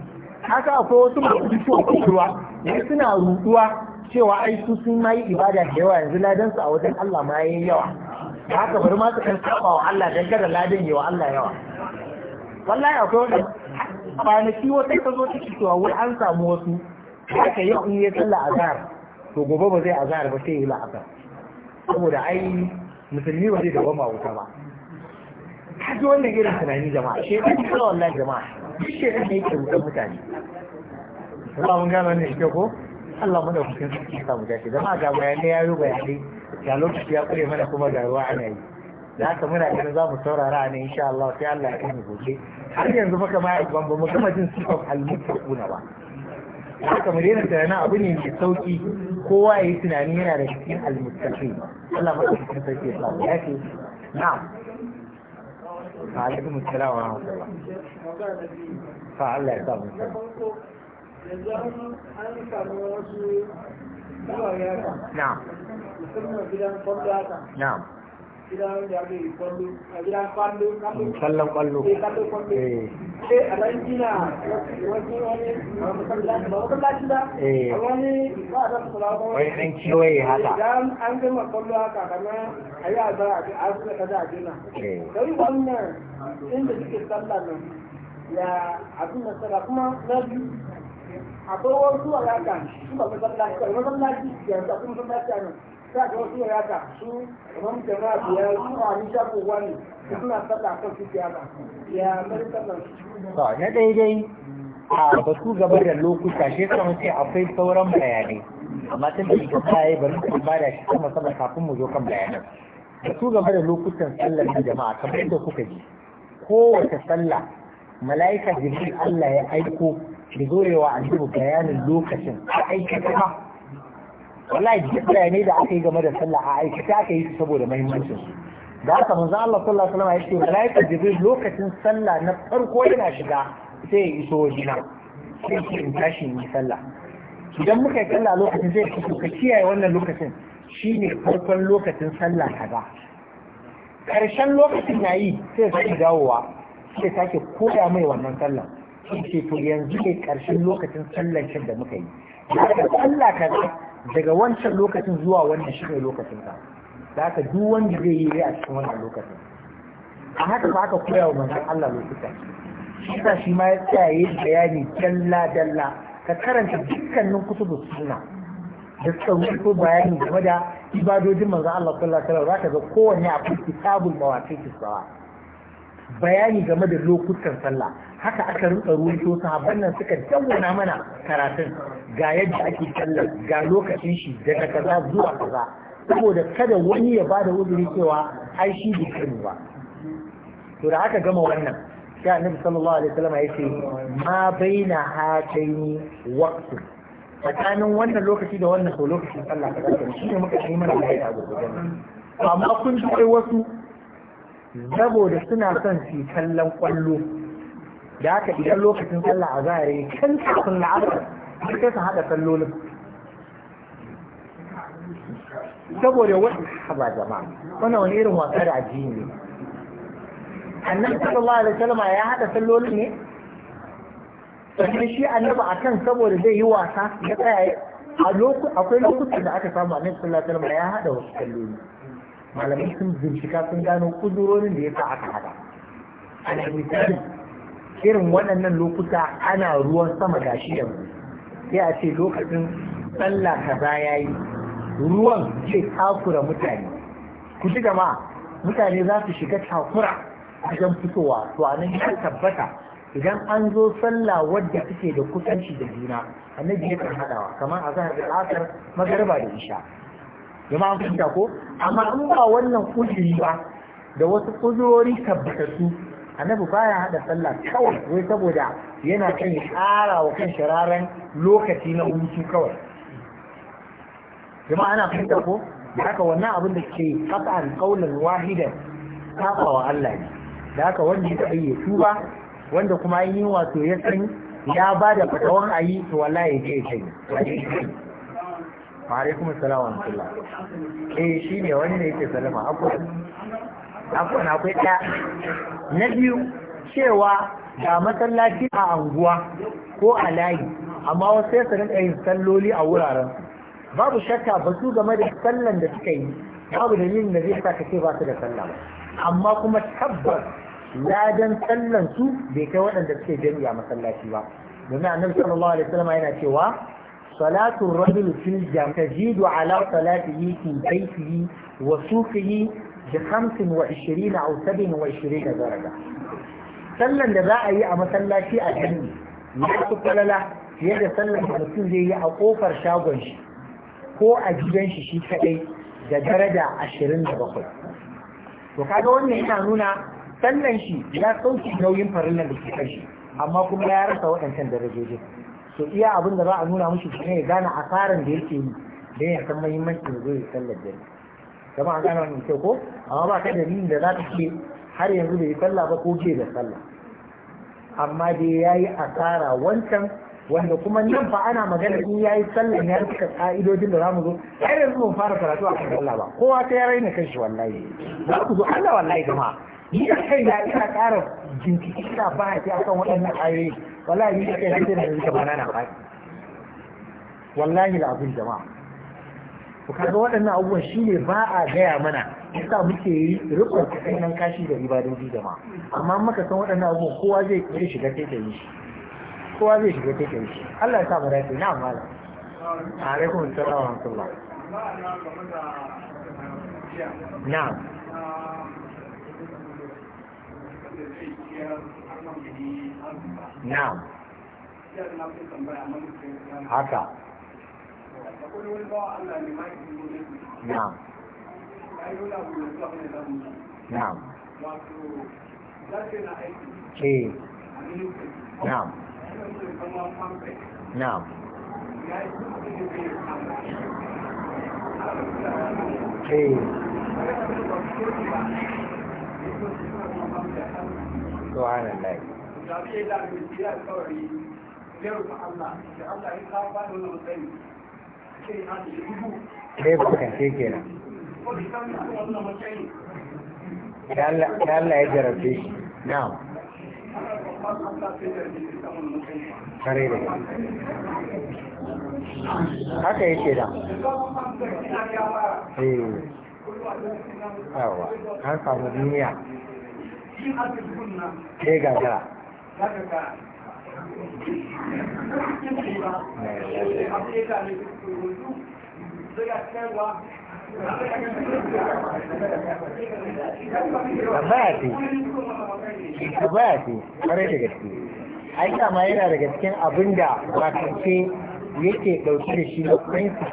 haka akwai wasu masu rutuwa suna rutuwa cewa ai su sun ma yi ibada da yawa yanzu ladan su a wajen Allah ma yayin yawa da haka bari ma su kan saba wa Allah dan kada ladan yawa Allah yawa wallahi akwai wani kwanaki wata ta zo ta cewa wai an samu wasu haka yau in ya sallah azhar to gobe ba zai azhar ba sai ya yi la'asar saboda ai musulmi ba zai dawo ma wuta ba ji wannan irin tunani jama'a shi ne kuma wallahi jama'a shi ne yake mutane Allah mun gano ne shi ko Allah mana da kuke suke samu dace zama ga bayanai ya yi bayanai ga lokaci ya kure mana kuma ga ruwa ana yi da haka muna ganin za mu saurara ne insha Allah sai Allah ya kai mu gobe har yanzu baka ma ban ba mu gama jin sifar almuttaquna ba haka mu daina tunani abu ne mai sauki kowa ya yi tunani yana da cikin almuttaqin Allah mu da kuke sa ya samu dace na'am alaikum assalam wa rahmatullah fa Allah ya sa samu yanzu an samu wasu kawai yaka na musamman gidan kwallo haka gidan kwallo kallon kwallo eh a ran wani wani wani ba a kula ɗan kewaye haka idan an gama kwallo haka kama a yi a zara a zuwa kaza a gina don wannan inda suke sallah nan ya abin nasara kuma na biyu akwai wasu a yaka su ba masallaci ba masallaci yanzu akwai masallaci a nan za ka wasu a yaka su kamar jama'a biyar su a nisha ko wani suna sallah kan su kiyama ya mai sallar su. na daidai a batu gaba da lokuta shi yasa muke akwai sauran bayanai amma tun da ita ta yi bari mu ba da shi sama sama kafin mu zo kan bayanan batu gaba da lokutan sallar da jama'a kamar yadda kuka ji kowace sallah mala'ika jibril Allah ya aiko Da zo ya wa bayanin lokacin a aikata ma wallahi duk bayanai da aka yi game da sallah a aikata aka yi su saboda muhimmancin su da haka manzo Allah sallallahu alaihi wasallam ya ce malaikar jibril lokacin sallah na farko yana shiga sai ya iso wajina sai ki in tashi yi sallah idan muka yi sallah lokacin zai fito ka kiyaye wannan lokacin shine farkon lokacin sallah kaza karshen lokacin na yi sai ya sake dawowa sai sake koya mai wannan sallah ce to yanzu ne ƙarshen lokacin sallar shi da muka yi daga sallah ka daga wancan lokacin zuwa wannan shi ne lokacin ka da haka duk wanda zai yi a cikin wannan lokacin a haka ba ka koya wa manzon Allah lokacin shi sa shi ma ya tsaye bayani dalla dalla ka karanta dukkanin kutubu sunna da suka rubuto bayani game da ibadojin manzon Allah sallallahu alaihi wasallam zaka ga kowanne akwai kitabul mawaqit sawa bayani game da lokutan sallah haka aka rinka ruwaito sahabban nan suka tawuna mana karatun ga yadda ake kallon ga lokacin shi daga kaza zuwa kaza saboda kada wani ya bada uzuri cewa ai shi bai ba to da aka gama wannan sai annabi sallallahu alaihi wasallam ya ce ma baina hataini waqtu tsakanin wannan lokaci da wannan to lokacin sallah kaza shi ne muka yi mana bayani a gurgurdan amma kun ji wasu saboda suna son su kallon kwallo da haka idan lokacin sallah a zahiri can kafin la'asar sai su haɗa sallolin saboda wani haba jama'a wannan wani irin wasa da addini ne annabi sallallahu alaihi wasallam ya haɗa sallolin ne sannan shi annabi kan saboda zai yi wasa ya tsaya akwai lokacin da aka samu annabi sallallahu alaihi wasallam ya haɗa wasu salloli malamai sun bincika sun gano kudurorin da ya sa aka haɗa a misali irin waɗannan lokuta ana ruwan sama shi da sai a ce lokacin sallah kaza ya yi ruwan zai takura mutane ku ji gama mutane za su shiga takura wajen fitowa to a nan ya tabbata idan an zo sallah wadda suke da kusanci da juna annabi ya kan hadawa kamar a zahar al'asar magarba da isha jama'a an fahimta ko amma in ba wannan kujiri ba da wasu kujurori tabbatattu annabi baya hada sallah kawai wai saboda yana kan ya wa kan shiraren lokaci na hutu kawai kuma ana fahimta ko da haka wannan abin da ke kafa'an wahida kafa wa Allah ne da haka wanda ya yi tuba wanda kuma yi wato ya san ya ba da fatawan a yi to wallahi ya je kai alaikum assalam wa eh shine wanda yake salama akwai akwai akwai ɗaya na biyu cewa ga masallaci a anguwa ko a layi amma wasu ya sanin yin salloli a wuraren babu shakka ba su game da sallan da suka yi babu dalilin da zai sa ka ce ba su da sallah ba amma kuma tabbas ladan sallan su bai kai waɗanda suke a masallaci ba domin annabi sallallahu alaihi wasallam yana cewa salatu rajul fil jam tajidu ala salatihi fi baitihi wa sufihi بخمس وعشرين أو سبع وعشرين درجة sallan da za a yi a masallaci a can ya su falala fiye da sallar da mutum zai yi a kofar shagon shi ko a gidan shi shi kadai da daraja ashirin da bakwai to kaga wannan yana nuna sallan shi ya sauki nauyin farillan da ke kan amma kuma ya rasa waɗancan darajojin to iya abin da za a nuna mushi ne ya gane asaran da yake yi don ya san muhimmancin da zai sallar dare kama a gane wannan kyau ko amma ba ka dalilin da za ka ce har yanzu bai sallah ba ko bai da sallah amma dai ya yi asara wancan wanda kuma nan fa ana magana in ya yi sallah ya cika ka'idojin da za mu zo har yanzu mun fara karatu a kan sallah ba kowa ta ya raina kanshi wallahi za ku zo Allah wallahi jama'a ni da kai da ina ƙara jinkiki ina fahimci akan waɗannan ayoyi wallahi ni da kai da kai da kai da na da kai wallahi da abin jama'a to kaga waɗannan abubuwan ne ba a gaya mana yasa muke yi rukun tsakanin kashi da ibadoji da ma amma muka san waɗannan abubuwan kowa zai iya shiga sai da yi shi kowa zai shiga sai yi shi Allah ya sa mu dace na amma alaikum assalam wa rahmatullah Na. Na. haka na'am na'am eh na'am na'am eh subhanallah sai bakance kenan ya Allah ya jarabce shi na'am kare da haka yake da eh yawa an samu duniya sai gagara tambaya ce yana daga cikin abin da yake ɗauki da shi na kwensu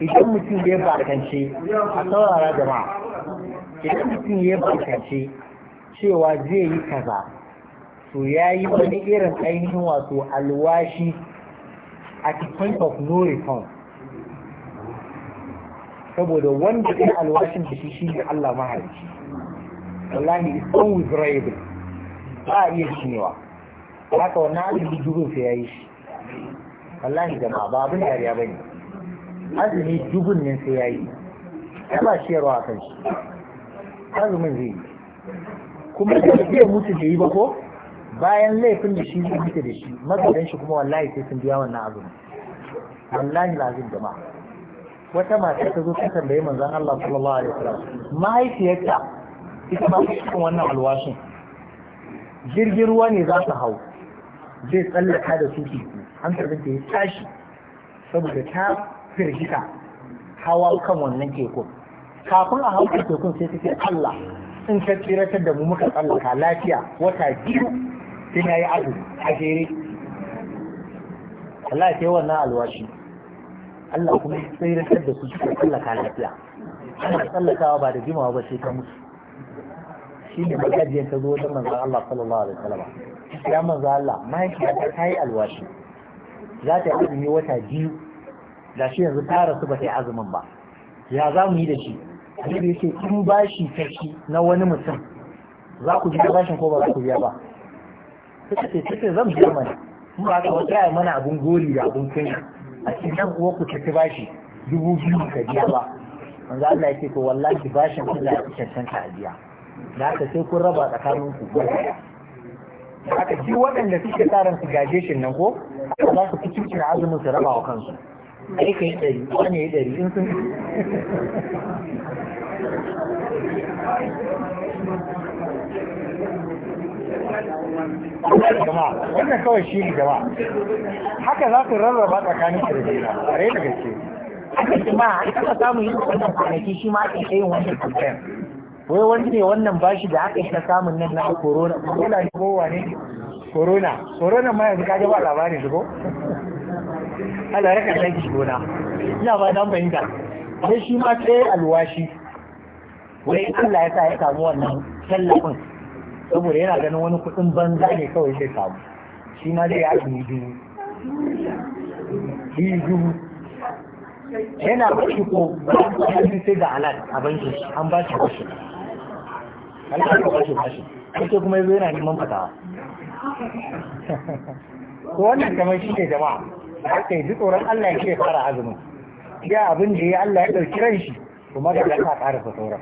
idan mutum ya bakance a saurara jama'a idan mutum ya bakance cewa zai yi kaza to ya yi wani irin ainihin wato alwashi at the point of no return saboda wanda ɗin alwashin da shi shi ne Allah mahalici wallahi is always reliable ba a iya cinewa haka abin da dubin sai ya yi shi wallahi jama'a ba abin dariya ba ne azumi dubin ne sai ya yi ya ba shi yarwa kan shi azumin zai yi kuma da zai mutu da yi ba ko bayan laifin da shi zai da shi magadan shi kuma wallahi sai sun biya wannan azumi wallahi lazim ma wata mata ta zo ta tambaye manzon Allah sallallahu alaihi wasallam mahaifiyarta ita ba cikin wannan alwashin jirgin ruwa ne za su hau zai tsallaka da su ki da ta ya tashi saboda ta firgita hawa kan wannan tekun kafin a hau tekun sai take Allah in ka tsiratar da mu muka tsallaka lafiya wata biyu sai na yi azumi a jere Allah ya wannan alwashi Allah kuma ya tsayar da su suka tsallaka lafiya ana tsallakawa ba da jimawa ba sai ka mutu shi ne magajiyar ta zo wajen manzan Allah sallallahu alaihi wasallam ya manzan Allah mahaifiyata ta yi alwashi za ta yi azumi wata biyu da shi yanzu ta rasu ba ta yi azumin ba ya za mu yi da shi da yake in bashi kashi na wani mutum za ku biya bashin ko ba za ku biya ba suka ce zan biya mana mun ba ka wata ya mana abun goli da abun kai a cikin nan uwa ku tafi bashi dubu biyu ka biya ba manzo Allah ya ce to wallahi bashin Allah ya san a biya da ka sai kun raba tsakanin ku haka ji waɗanda suke tsarin su gaje shi nan ko za su fi cikin azumin su raba wa kansu ai ka yi ɗari wani ya yi ɗari in sun wannan kawai shi ne jama'a haka za su rarraba tsakanin kirgina a rai da gaske haka shi ma haka ka samu yin wannan kwanaki shi ma ake yin wannan kamfen wai wani ne wannan bashi da haka yi ta samun nan na corona corona ne ko wane corona corona ma yanzu ka ba labarin su ko Allah raka shi ki gona ina ba dan fahimta sai shi ma sai alwashi wai Allah ya sa ya samu wannan tallafin saboda yana ganin wani kuɗin banza ne kawai zai samu shi na zai azumi biyu biyu yana kashi ko bayan sai da halal a banki an ba shi ba. halal ka kashi? kashi kashi kuma yanzu yana neman fatawa Ko wannan kamar shi ne jama'a haka ji tsoron Allah ya ke fara azumin ya abin da ya Allah ya ɗauki ran shi kuma da ka ƙara sa tsora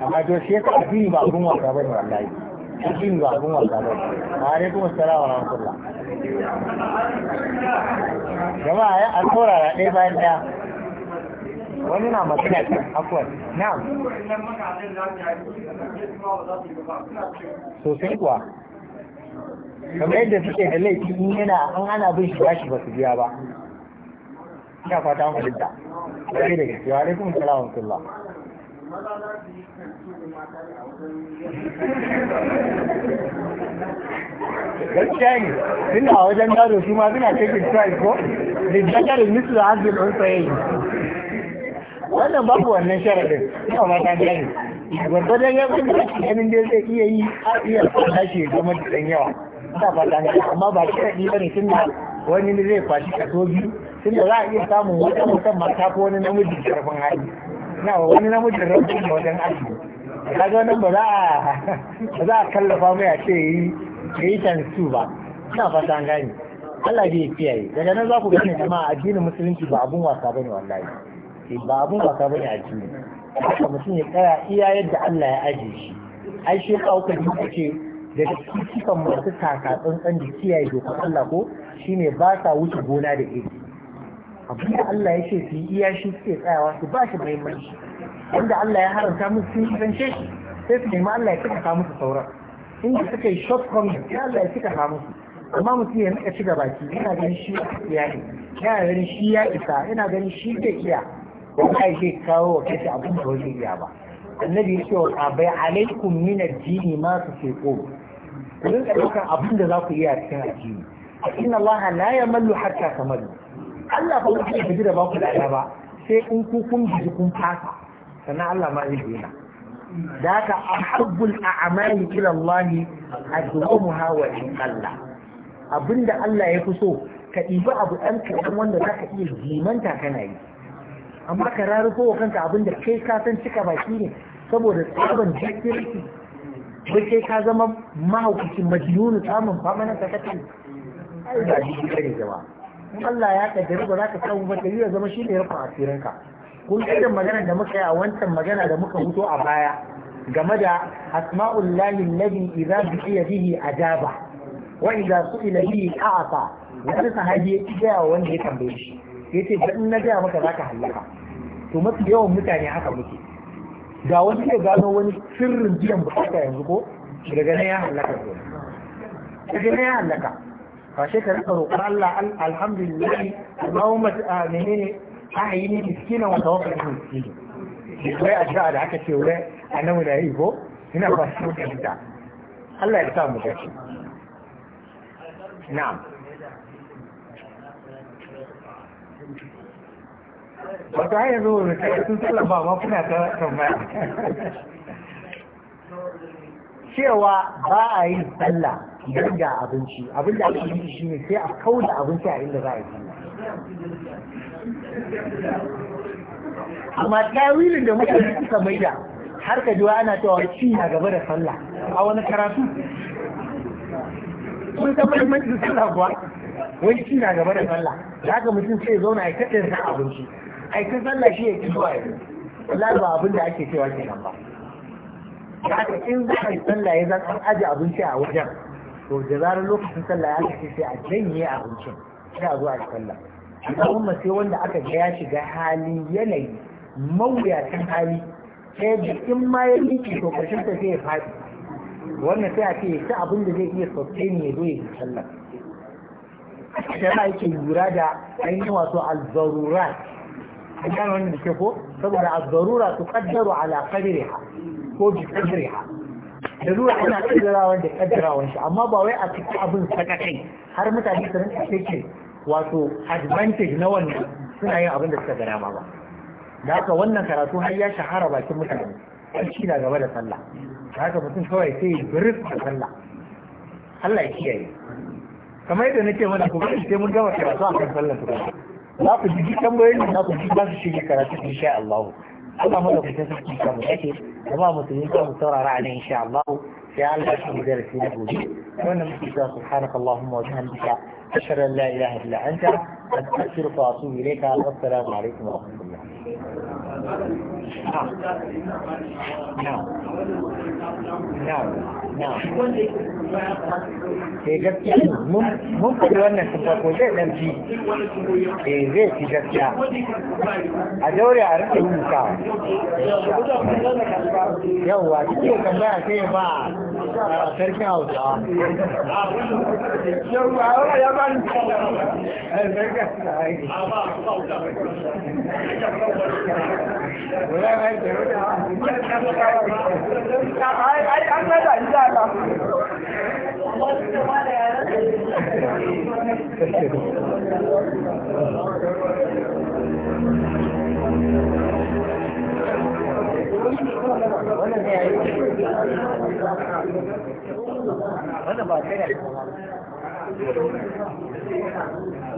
amma to shi yasa addini ba abun wasa bane wallahi addini ba abun wasa bane wa kuma assalam wa rahmatullah jama'a ya tsora da ɗaya bayan ɗaya wani na magana akwai na'am sosai kuwa kamar yadda suke da laifi in yana an ana bin shi bashi ba su biya ba ina fata mu dinta sai da gaskiya wa alaikum salam alaikum gaskiya ne tun a wajen gado su ma suna taking try ko da jakarin misu da hajjin sai wannan babu wannan sharadin, ina mata gani gwargwadon ya kuma ganin dai zai iya yi a iya tashi ya da ɗan yawa ina ba ta amma ba shi ba ne tun da wani ne zai kwashi kaso biyu tun da za a iya samun wata mutum ma ta wani namiji karfin hali na ba wani namiji rabu da wajen arziki kaga wannan ba za a za a kallafa mai a ce yi yi tansu ba ina fata gani Allah bai kiyaye daga nan za ku gane jama'a addinin musulunci ba abun wasa bane wallahi eh, ba abun wasa bane addini haka mutum ya tsaya iya yadda Allah ya ajiye shi ai shi ka uku ce daga cikin masu taka tsantsan da kiyaye dokar Allah ko shine ba sa wuce gona da iri abin da Allah ya ce su yi iya shi suke tsayawa su ba shi muhimmanci wanda Allah ya haramta musu sun kusance shi sai su nemi Allah ya cika musu sauran inda suka yi short comment sai Allah ya cika musu amma mutum ya rika cika baki yana ganin shi ya ne yana ganin shi ya isa yana ganin shi zai iya wanda ya kawo wa kashi abin da wani iya ba annabi ya ce wa sahabbai alaikum min addini ma su ce ko ku rinka daukan abin da za ku iya cikin addini A inna Allah la yamallu hatta mallu. Allah ba ku ji da ba ku da ba sai in ku kun ji kun fasa sannan Allah ma zai dena da haka ahabbul a'mali ila Allah adwamuha wa in qalla abinda Allah ya fi so ka ɗibi abu ɗan kaɗan wanda za ka iya jimanta kana yi amma ka raruko wa kanka abinda kai ka san cika baki ne saboda tsaban jirgin ko kai ka zama mahaukacin majnunu samun famanan ka kace ai shi kare jama'a in Allah ya kaddara ba za ka samu ba ya zama shi ne rufin asirin ka kun irin magana da muka yi a wancan magana da muka mutu a baya game da asma'ul lahi alladhi idza biya bihi ajaba wa idza su'ila bihi a'ata wani sahabi ya kiyaye wanda ya tambaye shi yace da in na gaya maka zaka halaka to mafi yawan mutane haka muke ga wani ya gano wani sirrin biyan bukata yanzu ko daga nan ya halaka ko daga nan ya halaka ba shi ka rika roƙon Allah alhamdulillah Allahumma ah, menene ahayini miskina wa tawaffani miskinan wai addu'a da aka ce wai annabi da yi ko ina ba shi mutunta Allah ya sa mu dace na'am wato ai yanzu wani kai sun sallar ba ma kuna ta tambaya cewa ba a yi sallah idan ga abinci abin da ake yi shi ne sai a da abinci a inda za a yi sallah amma tawilin da yi suka maida har ka jiwa ana cewa ci na gaba da sallah a wani karatu kun san mahimmancin tsalla kuwa wani ci na gaba da sallah za ka mutum sai zauna ya kaɗe sa abinci ai ta sallah shi ya ki zuwa yanzu wallahi ba abin da ake cewa nan ba Ya haka in za a yi sallah ya zan aje abinci a wajen to da zarar lokacin sallah ya kashe sai a janye abincin sai a zo a sallah amma kuma sai wanda aka ga ya shiga hali yanayi mawuyacin hali sai da in ma ya miƙe to karshen ta sai ya faɗi wannan sai a ce ya ci abin da zai iya sustain ya zo ya yi sallah shara yake lura da ainihin wato al-zarurat an gane wannan ke ko saboda a zarura su kaddaro ala kadiriha ko bi kadiriha da zuwa ana kaddarawa da kaddarawan shi amma ba wai a cikin abin sakakai har mutane su rinka take wato advantage na wannan suna yin abin da suka ga ba da haka wannan karatu har ya shahara bakin mutane shi na gaba da sallah da haka mutum kawai sai ya birin sallah Allah ya kiyaye kamar yadda nake mana ku bari sai mun gama karatu akan sallar tukuna za ku ji tambayoyin da za ku ji za su shige karatu insha Allah Allah mu da ku ta saki ka mu take jama'a musulmi ka mu saurara a nan insha Allah sai Allah shi da rafi na gobe wannan muke cewa subhanaka allahumma wa bihamdika ashhadu an la ilaha illa anta astaghfiruka wa atubu ilayka assalamu alaikum wa rahmatullah نعم نعم نعم eh gaskiya mun faɗi wannan ko zai dan fi eh zai fi gaskiya a daure a rike rubutawa yawwa cikin tambaya sai ba sarkin hausawa Ai, an Allah wannan ba kai ne